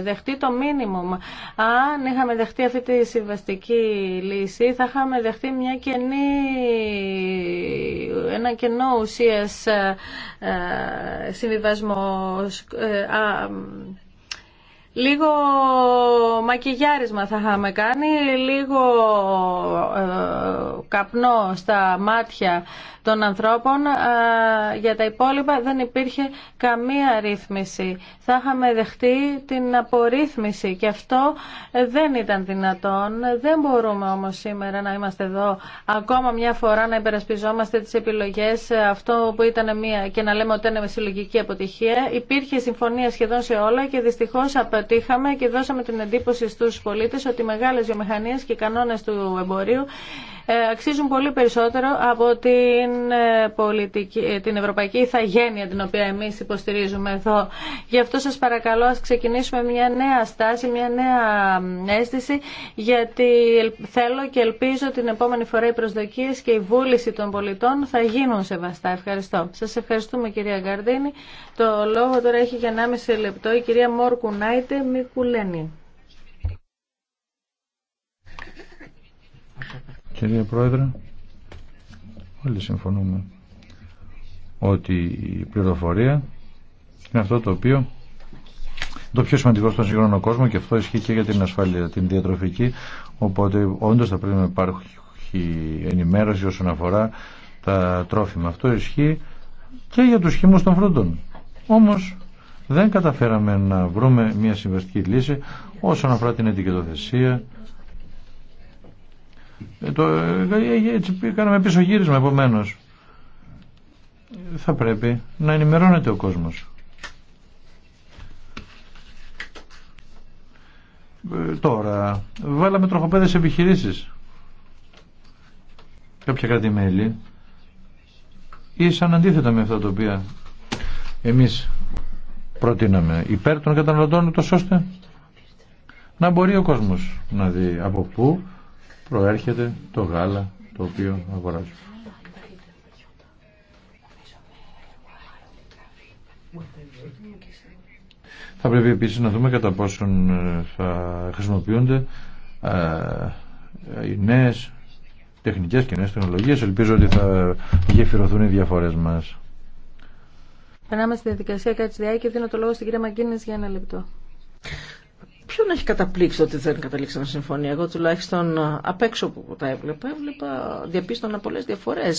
δεχτεί το μίνιμουμ. Αν είχαμε δεχτεί αυτή τη συμβαστική λύση, θα είχαμε δεχτεί μια κενή, ένα κενό ουσία ε, συμβιβασμό ε, Λίγο μακιγιάρισμα θα είχαμε κάνει, λίγο ε, καπνό στα μάτια των ανθρώπων. Για τα υπόλοιπα δεν υπήρχε καμία ρύθμιση. Θα είχαμε δεχτεί την απορρίθμιση και αυτό δεν ήταν δυνατόν. Δεν μπορούμε όμως σήμερα να είμαστε εδώ ακόμα μια φορά να υπερασπιζόμαστε τις επιλογές ε, αυτό που ήταν μια και να λέμε ότι ήταν συλλογική αποτυχία. Υπήρχε συμφωνία σχεδόν σε όλα και δυστυχώς αποτύχαμε και δώσαμε την εντύπωση στους πολίτες ότι οι μεγάλες βιομηχανίες και οι κανόνες του εμπορίου ε, αξίζουν πολύ περισσότερο από την, ε, πολιτική, ε, την ευρωπαϊκή ηθαγένεια την οποία εμείς υποστηρίζουμε εδώ. Γι' αυτό σας παρακαλώ ας ξεκινήσουμε μια νέα στάση, μια νέα αίσθηση γιατί θέλω και ελπίζω την επόμενη φορά οι προσδοκίες και η βούληση των πολιτών θα γίνουν σεβαστά. Ευχαριστώ. Σας ευχαριστούμε κυρία Γκαρδίνη. Το λόγο τώρα έχει για 1,5 λεπτό η κυρία Μόρκου Νάιτε Μικουλένη. Κυρία Πρόεδρε, όλοι συμφωνούμε ότι η πληροφορία είναι αυτό το οποίο το πιο σημαντικό στον σύγχρονο κόσμο και αυτό ισχύει και για την ασφάλεια, την διατροφική. Οπότε όντως θα πρέπει να υπάρχει ενημέρωση όσον αφορά τα τρόφιμα. Αυτό ισχύει και για τους χυμούς των φρούτων. Όμως δεν καταφέραμε να βρούμε μια συμβαστική λύση όσον αφορά την ετικετοθεσία, ε, το, ε, ε, έτσι κάναμε πίσω γύρισμα επομένω. Θα πρέπει να ενημερώνεται ο κόσμος. Τώρα, βάλαμε τροχοπέδες επιχειρήσεις. Κάποια κράτη-μέλη ή σαν αντίθετα με αυτά τα οποία εμείς προτείναμε υπέρ των καταναλωτών, το ώστε να μπορεί ο κόσμος να δει από πού προέρχεται το γάλα το οποίο αγοράζουμε. Θα πρέπει επίσης να δούμε κατά πόσον ε, θα χρησιμοποιούνται ε, οι νέες τεχνικές και νέες τεχνολογίες. Ελπίζω ότι θα γεφυρωθούν οι διαφορές μας. Περνάμε στη διαδικασία Κατσιδιάκη και δίνω το λόγο στην κυρία Μαγκίνης για ένα λεπτό. Ποιον έχει καταπλήξει ότι δεν καταλήξαμε συμφωνία. Εγώ τουλάχιστον ε, απ' έξω που τα έβλεπα, έβλεπα, διαπίστωνα πολλέ διαφορέ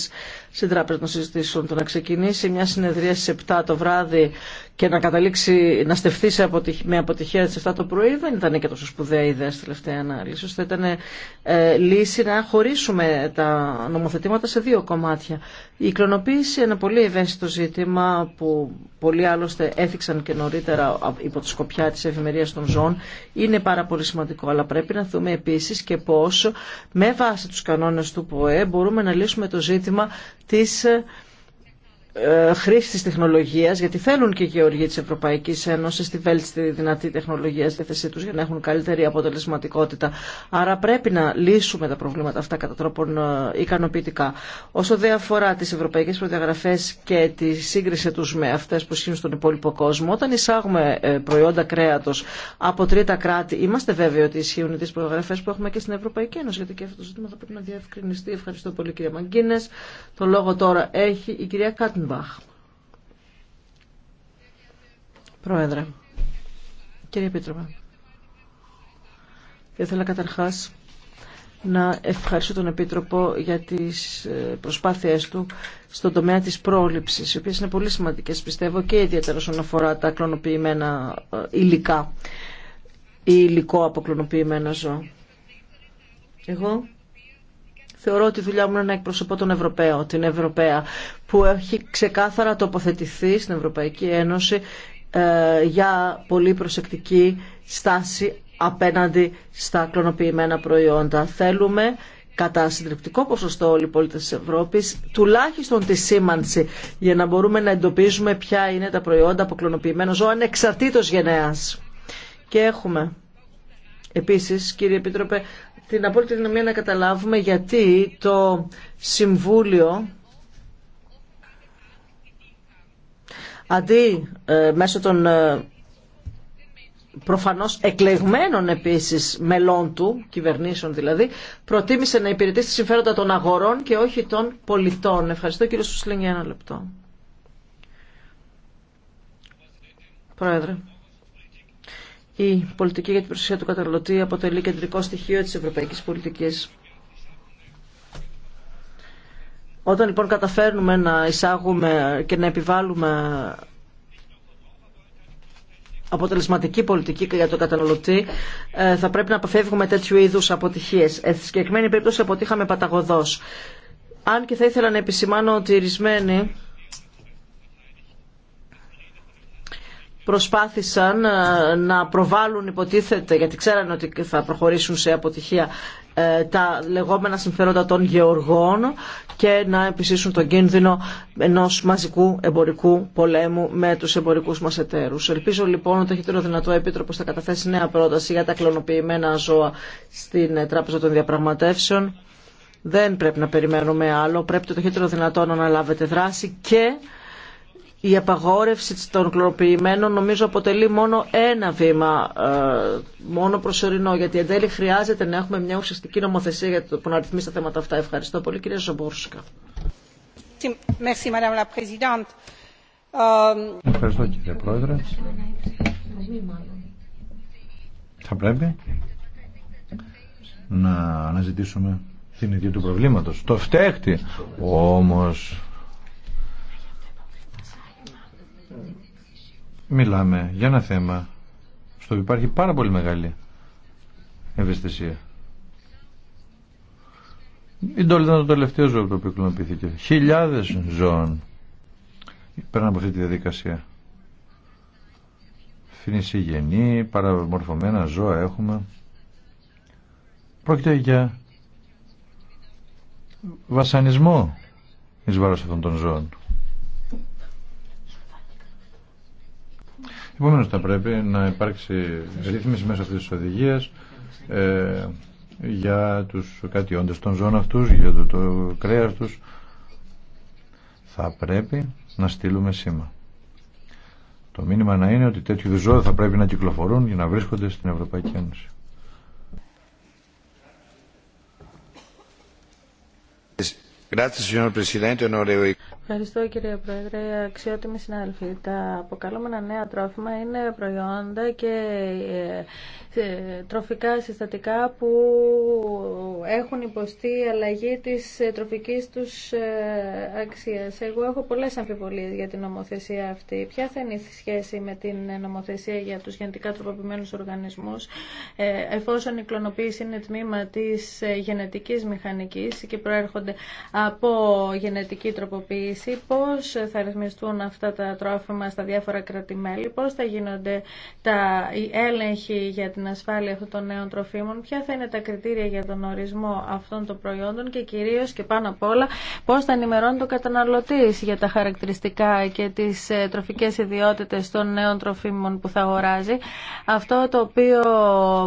στην τράπεζα των συζητήσεων. Το να ξεκινήσει μια συνεδρία στι 7 το βράδυ και να καταλήξει να στεφθεί σε αποτυχ... με αποτυχία τη 7 το πρωί δεν ήταν και τόσο σπουδαία ιδέα στη τελευταία ανάλυση. Θα ήταν ε, λύση να χωρίσουμε τα νομοθετήματα σε δύο κομμάτια. Η κλωνοποίηση είναι ένα πολύ ευαίσθητο ζήτημα που πολλοί άλλωστε έθιξαν και νωρίτερα υπό τη σκοπιά τη ευημερίας των ζώων. Είναι πάρα πολύ σημαντικό, αλλά πρέπει να δούμε επίση και πώ με βάση του κανόνε του ΠΟΕ μπορούμε να λύσουμε το ζήτημα της ε, χρήση της τεχνολογίας, γιατί θέλουν και οι γεωργοί της Ευρωπαϊκής Ένωσης τη βέλτιστη δυνατή τεχνολογία στη θέση τους για να έχουν καλύτερη αποτελεσματικότητα. Άρα πρέπει να λύσουμε τα προβλήματα αυτά κατά τρόπον ε, ικανοποιητικά. Όσο δε αφορά τις ευρωπαϊκές προδιαγραφές και τη σύγκριση τους με αυτές που ισχύουν στον υπόλοιπο κόσμο, όταν εισάγουμε ε, προϊόντα κρέατος από τρίτα κράτη, είμαστε βέβαιοι ότι ισχύουν τις προδιαγραφές που έχουμε και στην Ευρωπαϊκή Ένωση, γιατί και αυτό το ζήτημα θα πρέπει να διευκρινιστεί. Ευχαριστώ πολύ κυρία Μαγκίνες. Το λόγο τώρα έχει η κυρία Κάτνα. Πρόεδρε, κύριε Επίτροπε, ήθελα καταρχάς να ευχαριστώ τον Επίτροπο για τις ε, προσπάθειές του στον τομέα της πρόληψης, οι οποίες είναι πολύ σημαντικές πιστεύω και ιδιαίτερα όσον αφορά τα κλωνοποιημένα ε, υλικά ή υλικό από κλωνοποιημένα ζώα. Εγώ θεωρώ ότι η δουλειά μου είναι να εκπροσωπώ τον Ευρωπαίο, την Ευρωπαία, που έχει ξεκάθαρα τοποθετηθεί στην Ευρωπαϊκή Ένωση ε, για πολύ προσεκτική στάση απέναντι στα κλωνοποιημένα προϊόντα. Θέλουμε κατά συντριπτικό ποσοστό όλοι οι πολίτες της Ευρώπης, τουλάχιστον τη σήμανση για να μπορούμε να εντοπίζουμε ποια είναι τα προϊόντα από κλωνοποιημένο ζώο ανεξαρτήτως γενναίας. Και έχουμε επίσης, κύριε Επίτροπε, την απόλυτη δυναμία να καταλάβουμε γιατί το Συμβούλιο αντί ε, μέσω των ε, προφανώς εκλεγμένων επίσης μελών του, κυβερνήσεων δηλαδή, προτίμησε να υπηρετήσει τη συμφέροντα των αγορών και όχι των πολιτών. Ευχαριστώ κύριε Σουσλίνγκ για ένα λεπτό. Πρόεδρε. Η πολιτική για την προστασία του καταναλωτή αποτελεί κεντρικό στοιχείο της ευρωπαϊκής πολιτικής. Όταν λοιπόν καταφέρνουμε να εισάγουμε και να επιβάλλουμε αποτελεσματική πολιτική για τον καταναλωτή, ε, θα πρέπει να αποφεύγουμε τέτοιου είδους αποτυχίες. Ε, στη συγκεκριμένη περίπτωση αποτύχαμε παταγωδός. Αν και θα ήθελα να επισημάνω ότι ορισμένοι προσπάθησαν ε, να προβάλλουν υποτίθεται, γιατί ξέρανε ότι θα προχωρήσουν σε αποτυχία, ε, τα λεγόμενα συμφέροντα των γεωργών και να επισύσουν τον κίνδυνο ενός μαζικού εμπορικού πολέμου με τους εμπορικούς μας εταίρους. Ελπίζω λοιπόν ότι έχετε το δυνατό επίτροπο θα καταθέσει νέα πρόταση για τα κλωνοποιημένα ζώα στην ε, Τράπεζα των Διαπραγματεύσεων. Δεν πρέπει να περιμένουμε άλλο, πρέπει το ταχύτερο δυνατό να αναλάβετε δράση και η απαγόρευση των κλωροποιημένων νομίζω αποτελεί μόνο ένα βήμα, ε, μόνο προσωρινό, γιατί εν τέλει χρειάζεται να έχουμε μια ουσιαστική νομοθεσία για το, που να ρυθμίσει τα θέματα αυτά. Ευχαριστώ πολύ, κυρία Ζομπούρσκα. Ε, Ευχαριστώ, κύριε Πρόεδρε. Θα πρέπει να αναζητήσουμε την ίδια του προβλήματος. Το φταίχτη όμως μιλάμε για ένα θέμα στο οποίο υπάρχει πάρα πολύ μεγάλη ευαισθησία. Η Ντόλη το τελευταίο ζώο το οποίο κλωνοποιήθηκε. Χιλιάδε ζώων πέραν από αυτή τη διαδικασία. Φινησιγενή, παραμορφωμένα ζώα έχουμε. Πρόκειται για βασανισμό εις βάρος αυτών των ζώων. Επομένω, θα πρέπει να υπάρξει ρύθμιση μέσα αυτής της οδηγίας ε, για τους κατιόντες των ζώων αυτούς, για το, το κρέας τους. Θα πρέπει να στείλουμε σήμα. Το μήνυμα να είναι ότι τέτοιου ζώα θα πρέπει να κυκλοφορούν για να βρίσκονται στην Ευρωπαϊκή Ένωση. Ευχαριστώ κύριε Πρόεδρε. Αξιότιμοι συνάδελφοι, τα αποκαλούμενα νέα τρόφιμα είναι προϊόντα και ε, ε, τροφικά συστατικά που έχουν υποστεί αλλαγή της ε, τροφικής τους αξίας. Εγώ έχω πολλές αμφιβολίες για την νομοθεσία αυτή. Ποια θα είναι η σχέση με την νομοθεσία για τους γενετικά τροποποιημένους οργανισμούς εφόσον η κλωνοποίηση είναι τμήμα της γενετικής μηχανικής και προέρχονται από γενετική τροποποίηση ρυθμιστεί, πώς θα ρυθμιστούν αυτά τα τρόφιμα στα διάφορα κρατημέλη, πώς θα γίνονται τα, οι έλεγχοι για την ασφάλεια αυτών των νέων τροφίμων, ποια θα είναι τα κριτήρια για τον ορισμό αυτών των προϊόντων και κυρίως και πάνω απ' όλα πώς θα ενημερώνει το καταναλωτής για τα χαρακτηριστικά και τις ε, τροφικές ιδιότητες των νέων τροφίμων που θα αγοράζει. Αυτό το οποίο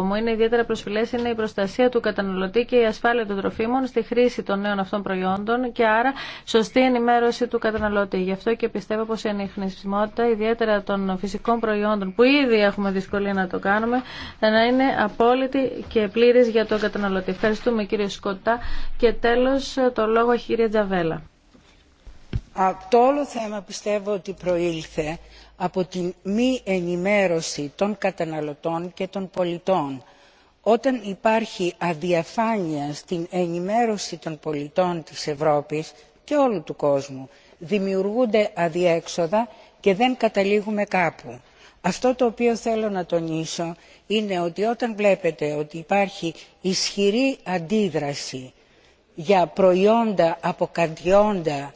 μου είναι ιδιαίτερα προσφυλές είναι η προστασία του καταναλωτή και η ασφάλεια των τροφίμων στη χρήση των νέων αυτών προϊόντων και άρα σωστή ενημέρωση του καταναλωτή. Γι' αυτό και πιστεύω πω η ανιχνησιμότητα, ιδιαίτερα των φυσικών προϊόντων που ήδη έχουμε δυσκολία να το κάνουμε, να είναι απόλυτη και πλήρη για τον καταναλωτή. Ευχαριστούμε κύριε Σκοτά και τέλο το λόγο έχει η κυρία Τζαβέλα. Το όλο θέμα πιστεύω ότι προήλθε από τη μη ενημέρωση των καταναλωτών και των πολιτών. Όταν υπάρχει αδιαφάνεια στην ενημέρωση των πολιτών της Ευρώπης και όλου του κόσμου. δημιουργούνται αδιέξοδα και δεν καταλήγουμε κάπου. αυτό το οποίο θέλω να τονίσω είναι ότι όταν βλέπετε ότι υπάρχει ισχυρή αντίδραση για προϊόντα από καντιόντα,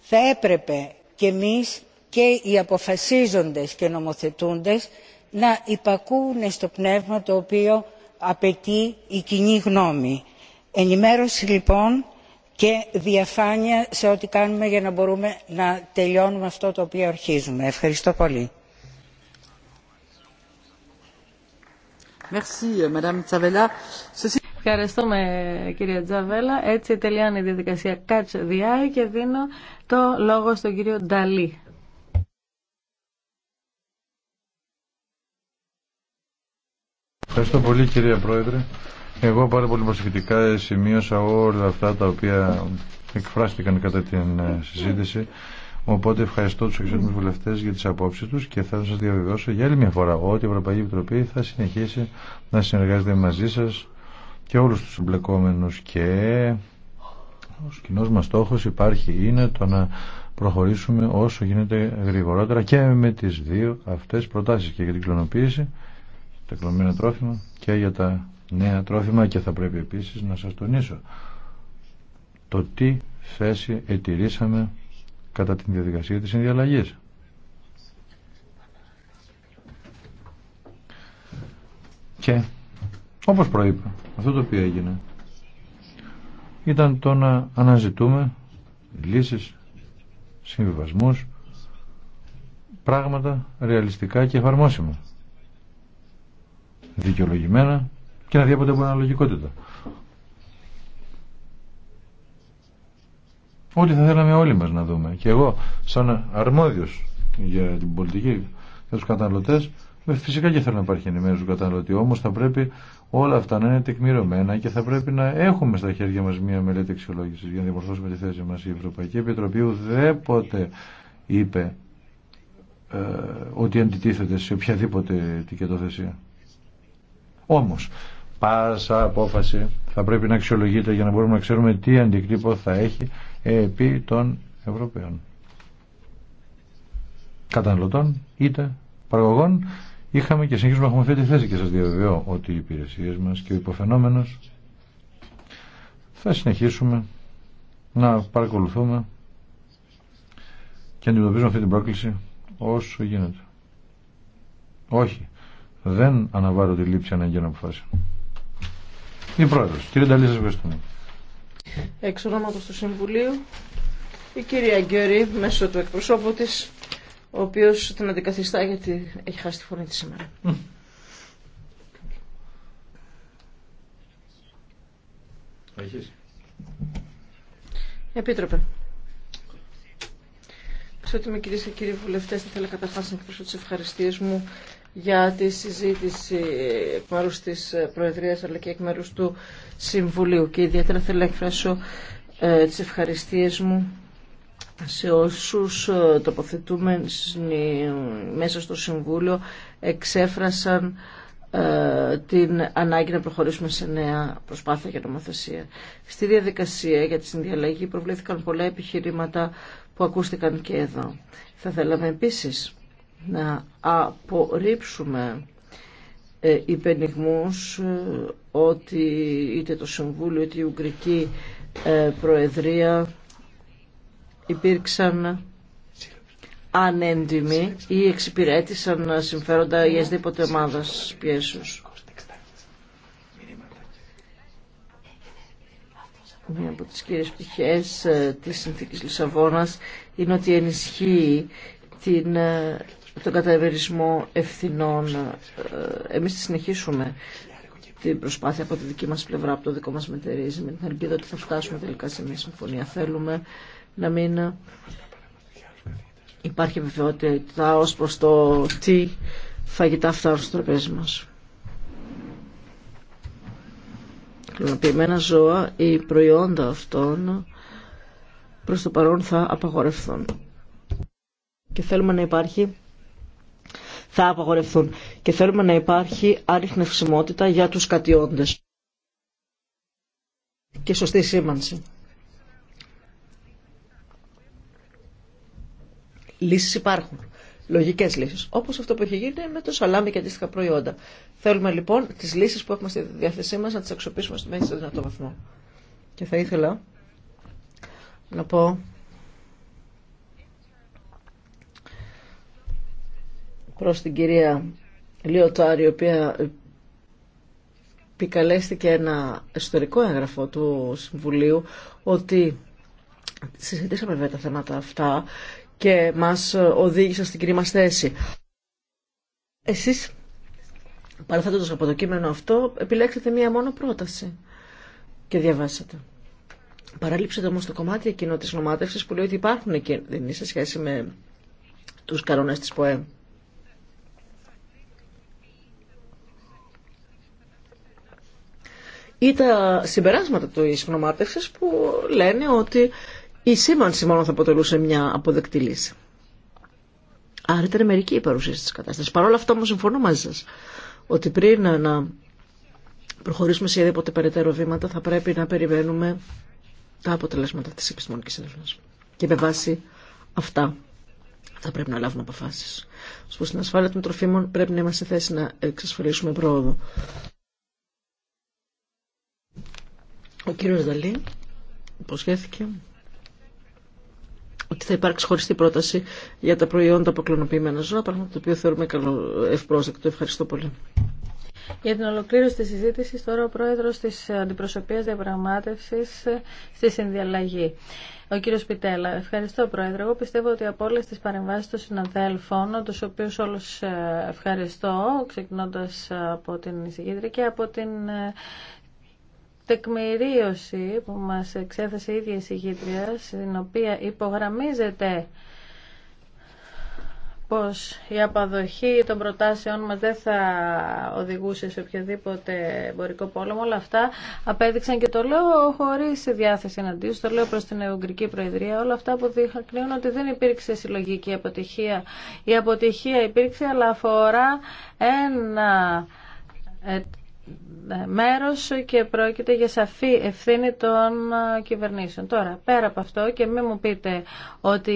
θα έπρεπε και εμείς και οι αποφασίζοντες και νομοθετούντες να υπακούουν στο πνεύμα το οποίο απαιτεί η κοινή γνώμη. ενημέρωση λοιπόν και διαφάνεια σε ό,τι κάνουμε για να μπορούμε να τελειώνουμε αυτό το οποίο αρχίζουμε. Ευχαριστώ πολύ. Ευχαριστούμε κυρία Τζαβέλα. Έτσι τελειώνει η διαδικασία Catch the Eye και δίνω το λόγο στον κύριο Νταλή. Ευχαριστώ πολύ κυρία Πρόεδρε. Εγώ πάρα πολύ προσεκτικά σημείωσα όλα αυτά τα οποία εκφράστηκαν κατά την ε, συζήτηση. Οπότε ευχαριστώ του εξωτερικού βουλευτέ για τι απόψει του και θα σα διαβεβαιώσω για άλλη μια φορά ότι η Ευρωπαϊκή Επιτροπή θα συνεχίσει να συνεργάζεται μαζί σα και όλου του εμπλεκόμενου. Και ο κοινό μα στόχο υπάρχει είναι το να προχωρήσουμε όσο γίνεται γρηγορότερα και με τι δύο αυτέ προτάσει και για την κλωνοποίηση, τα κλωμμένα τρόφιμα και για τα νέα τρόφιμα και θα πρέπει επίσης να σας τονίσω το τι θέση ετηρήσαμε κατά την διαδικασία της συνδιαλλαγής. Και όπως προείπα, αυτό το οποίο έγινε ήταν το να αναζητούμε λύσεις, συμβιβασμούς, πράγματα ρεαλιστικά και εφαρμόσιμα. Δικαιολογημένα και να διέπονται από αναλογικότητα. Ό,τι θα θέλαμε όλοι μας να δούμε. Και εγώ, σαν αρμόδιος για την πολιτική για τους καταναλωτές, ε, φυσικά και θέλω να υπάρχει ενημέρωση του καταναλωτή, όμως θα πρέπει όλα αυτά να είναι τεκμηρωμένα και θα πρέπει να έχουμε στα χέρια μας μια μελέτη αξιολόγησης για να διαμορφώσουμε τη θέση μας. Η Ευρωπαϊκή Επιτροπή ουδέποτε είπε ε, ότι αντιτίθεται σε οποιαδήποτε τικετοθεσία. Όμως, πάσα απόφαση θα πρέπει να αξιολογείται για να μπορούμε να ξέρουμε τι αντικτύπο θα έχει επί των Ευρωπαίων καταναλωτών είτε παραγωγών είχαμε και συνεχίζουμε να έχουμε αυτή τη θέση και σας διαβεβαιώ ότι οι υπηρεσίες μας και ο υποφαινόμενος θα συνεχίσουμε να παρακολουθούμε και αντιμετωπίζουμε αυτή την πρόκληση όσο γίνεται. Όχι, δεν αναβάλλω τη λήψη αναγκαίων αποφάσεων. Η πρόεδρο. Κύριε Νταλή, σα ευχαριστούμε. Εξ ονόματο του Συμβουλίου, η κυρία Γκέρι, μέσω του εκπροσώπου τη, ο οποίο την αντικαθιστά γιατί έχει χάσει τη φωνή της σήμερα. Έχεις. Επίτροπε. ό,τι με κυρίε και κύριοι βουλευτέ, θα ήθελα καταρχά να εκπροσωπήσω τι ευχαριστίε μου για τη συζήτηση εκ μέρους της Προεδρίας αλλά και εκ μέρους του Συμβουλίου και ιδιαίτερα θέλω να εκφράσω ε, τις ευχαριστίες μου σε όσους ε, τοποθετούμε μέσα στο Συμβούλιο εξέφρασαν ε, την ανάγκη να προχωρήσουμε σε νέα προσπάθεια για νομοθεσία. Στη διαδικασία για τη συνδιαλλαγή προβλήθηκαν πολλά επιχειρήματα που ακούστηκαν και εδώ. Θα θέλαμε επίσης να απορρίψουμε ε, υπενιγμούς ε, ότι είτε το Συμβούλιο είτε η Ουγγρική ε, Προεδρία υπήρξαν ανέντιμοι ή εξυπηρέτησαν συμφέροντα ιασδήποτε ομάδας πιέσεως. Μία από τις κύριες πτυχές ε, της συνθήκης Λισαβόνας είναι ότι ενισχύει την τον καταβερισμό ευθυνών. Ε, εμείς συνεχίσουμε την προσπάθεια από τη δική μας πλευρά, από το δικό μας μετερίζει, με την ελπίδα ότι θα φτάσουμε τελικά σε μια συμφωνία. Θέλουμε να μην υπάρχει βεβαιότητα ως προς το τι φαγητά φτάνουν στο τραπέζι μας. Κλωνοποιημένα ζώα ή προϊόντα αυτών προς το παρόν θα απαγορευθούν. Και θέλουμε να υπάρχει θα απαγορευθούν. Και θέλουμε να υπάρχει αριθμευσιμότητα για τους κατιόντες και σωστή σήμανση. Λύσεις υπάρχουν. Λογικέ λύσει. Όπω αυτό που έχει γίνει με το σαλάμι και αντίστοιχα προϊόντα. Θέλουμε λοιπόν τι λύσει που έχουμε στη διάθεσή μα να τι αξιοποιήσουμε στο μέγιστο δυνατό βαθμό. Και θα ήθελα να πω προς την κυρία Λιωτάρη, η οποία επικαλέστηκε ένα ιστορικό έγγραφο του Συμβουλίου, ότι συζητήσαμε βέβαια τα θέματα αυτά και μας οδήγησαν στην κυρία μας θέση. Εσείς, παραθέτοντας από το κείμενο αυτό, επιλέξετε μία μόνο πρόταση και διαβάσατε. Παραλείψετε όμως το κομμάτι εκείνο της νομάτευσης που λέει ότι υπάρχουν κίνδυνοι σε σχέση με τους καρονές της ΠΟΕΜ. ή τα συμπεράσματα του γνωμάτευσης που λένε ότι η σήμανση μόνο θα αποτελούσε μια αποδεκτή λύση. Άρα ήταν μερική η παρουσίαση της κατάστασης. Παρ' όλα αυτά όμως συμφωνώ μαζί σας ότι πριν να προχωρήσουμε σε οποιαδήποτε περαιτέρω βήματα θα πρέπει να περιμένουμε τα αποτελέσματα της επιστημονικής έρευνας. Και με βάση αυτά θα πρέπει να λάβουμε αποφάσεις. Ως στην ασφάλεια των τροφίμων πρέπει να είμαστε σε θέση να εξασφαλίσουμε πρόοδο. Ο κύριος Δαλή υποσχέθηκε ότι θα υπάρξει χωριστή πρόταση για τα προϊόντα από ζώα, πράγμα το οποίο θεωρούμε καλό ευπρόσδεκτο. Ευχαριστώ πολύ. Για την ολοκλήρωση της συζήτησης, τώρα ο πρόεδρος της Αντιπροσωπείας Διαπραγμάτευσης στη Συνδιαλλαγή. Ο κύριο Πιτέλα, ευχαριστώ Πρόεδρε. Εγώ πιστεύω ότι από όλε τι παρεμβάσει των συναδέλφων, του οποίου όλου ε, ευχαριστώ, ξεκινώντα από την εισηγήτρια και από την ε, τεκμηρίωση που μας εξέθεσε η ίδια η στην οποία υπογραμμίζεται πως η απαδοχή των προτάσεών μας δεν θα οδηγούσε σε οποιοδήποτε εμπορικό πόλεμο. Όλα αυτά απέδειξαν και το λέω χωρίς διάθεση εναντίον, το λέω προς την Ουγγρική Προεδρία. Όλα αυτά που δείχνουν ότι δεν υπήρξε συλλογική αποτυχία. Η αποτυχία υπήρξε αλλά αφορά ένα ε, μέρος και πρόκειται για σαφή ευθύνη των κυβερνήσεων. Τώρα, πέρα από αυτό και μην μου πείτε ότι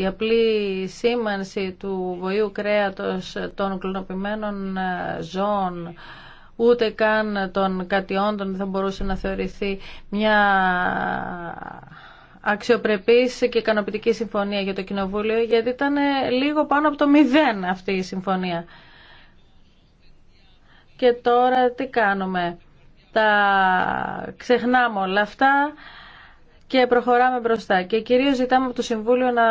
η απλή σήμανση του βοηού κρέατος των κλωνοποιημένων ζώων ούτε καν των κατιόντων θα μπορούσε να θεωρηθεί μια αξιοπρεπής και ικανοποιητική συμφωνία για το Κοινοβούλιο γιατί ήταν λίγο πάνω από το μηδέν αυτή η συμφωνία και τώρα τι κάνουμε. Τα ξεχνάμε όλα αυτά και προχωράμε μπροστά. Και κυρίως ζητάμε από το Συμβούλιο να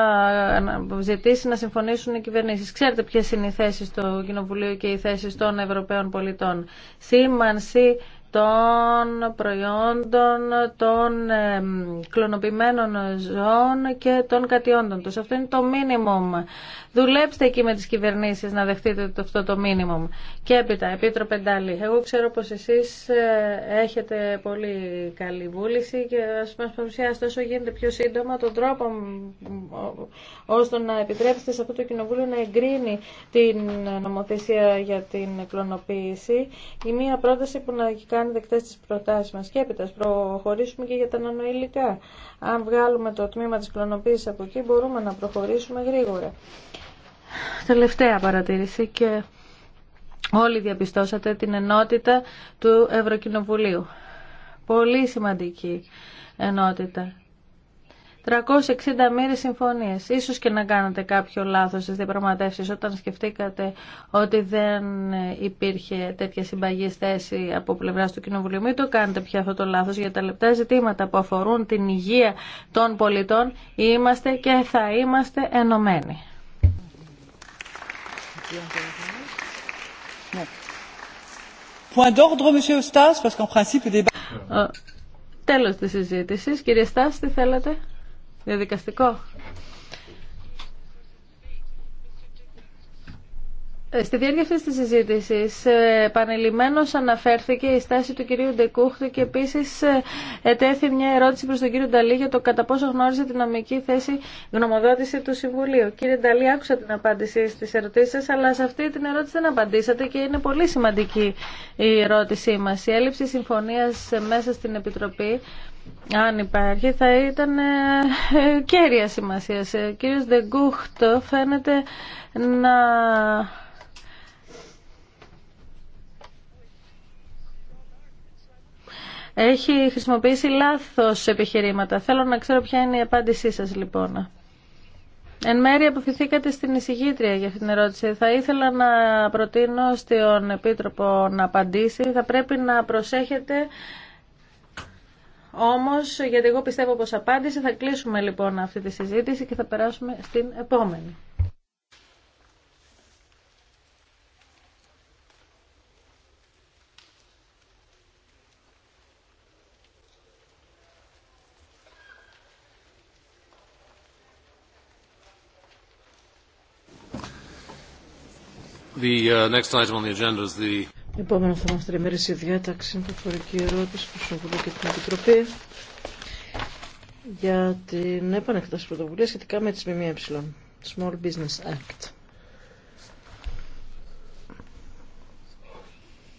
ζητήσει να συμφωνήσουν οι κυβερνήσεις. Ξέρετε ποιες είναι οι θέσεις του Κοινοβουλίου και οι θέσεις των Ευρωπαίων πολιτών. Σήμανση των προϊόντων των κλωνοποιημένων ζώων και των κατιόντων τους. Αυτό είναι το μίνιμουμ. Δουλέψτε εκεί με τις κυβερνήσεις να δεχτείτε αυτό το μίνιμουμ. Και έπειτα, Επίτροπε Ντάλη, εγώ ξέρω πως εσείς ε, έχετε πολύ καλή βούληση και ας μας παρουσιάσετε όσο γίνεται πιο σύντομα τον τρόπο ώστε να επιτρέψετε σε αυτό το κοινοβούλιο να εγκρίνει την νομοθεσία για την κλωνοποίηση. Η μία πρόταση που να κάνει δεκτές τις προτάσεις μας και έπειτα προχωρήσουμε και για τα νανοηλικά. Αν βγάλουμε το τμήμα της κλωνοποίησης από εκεί μπορούμε να προχωρήσουμε γρήγορα. Τελευταία παρατήρηση και όλοι διαπιστώσατε την ενότητα του Ευρωκοινοβουλίου. Πολύ σημαντική ενότητα. 360 μοίρες συμφωνίε. Ίσως και να κάνατε κάποιο λάθος στι διαπραγματεύσει όταν σκεφτήκατε ότι δεν υπήρχε τέτοια συμπαγή θέση από πλευρά του Κοινοβουλίου. Μην το κάνετε πια αυτό το λάθος για τα λεπτά ζητήματα που αφορούν την υγεία των πολιτών. Είμαστε και θα είμαστε ενωμένοι. Point d'ordre, Monsieur Τέλος της συζήτησης. Κύριε Στάς, τι θέλετε διαδικαστικό. Ε, στη διάρκεια αυτής της συζήτησης ε, επανειλημμένως αναφέρθηκε η στάση του κυρίου Ντεκούχτη και επίσης ε, ετέθη μια ερώτηση προς τον κύριο Νταλή για το κατά πόσο γνώριζε την νομική θέση γνωμοδότηση του Συμβουλίου. Κύριε Νταλή, άκουσα την απάντησή στις ερωτήσεις σας, αλλά σε αυτή την ερώτηση δεν απαντήσατε και είναι πολύ σημαντική η ερώτησή μας. Η έλλειψη συμφωνίας μέσα στην Επιτροπή αν υπάρχει, θα ήταν ε, ε, κέρια σημασία. Ο ε, κύριος Δεγκούχτο φαίνεται να... Έχει χρησιμοποιήσει λάθος επιχειρήματα. Θέλω να ξέρω ποια είναι η απάντησή σας λοιπόν. Εν μέρει αποφυθήκατε στην εισηγήτρια για αυτήν την ερώτηση. Θα ήθελα να προτείνω στον Επίτροπο να απαντήσει. Θα πρέπει να προσέχετε Όμω, γιατί εγώ πιστεύω πως απάντησε, θα κλείσουμε λοιπόν αυτή τη συζήτηση και θα περάσουμε στην επόμενη. The uh, next item on the agenda is the Επόμενο θα μας ημερήσια διάταξη είναι προφορική ερώτηση προ τον και την Επιτροπή για την επανεκτάση πρωτοβουλία σχετικά με τις ΜΜΕ, Small Business Act.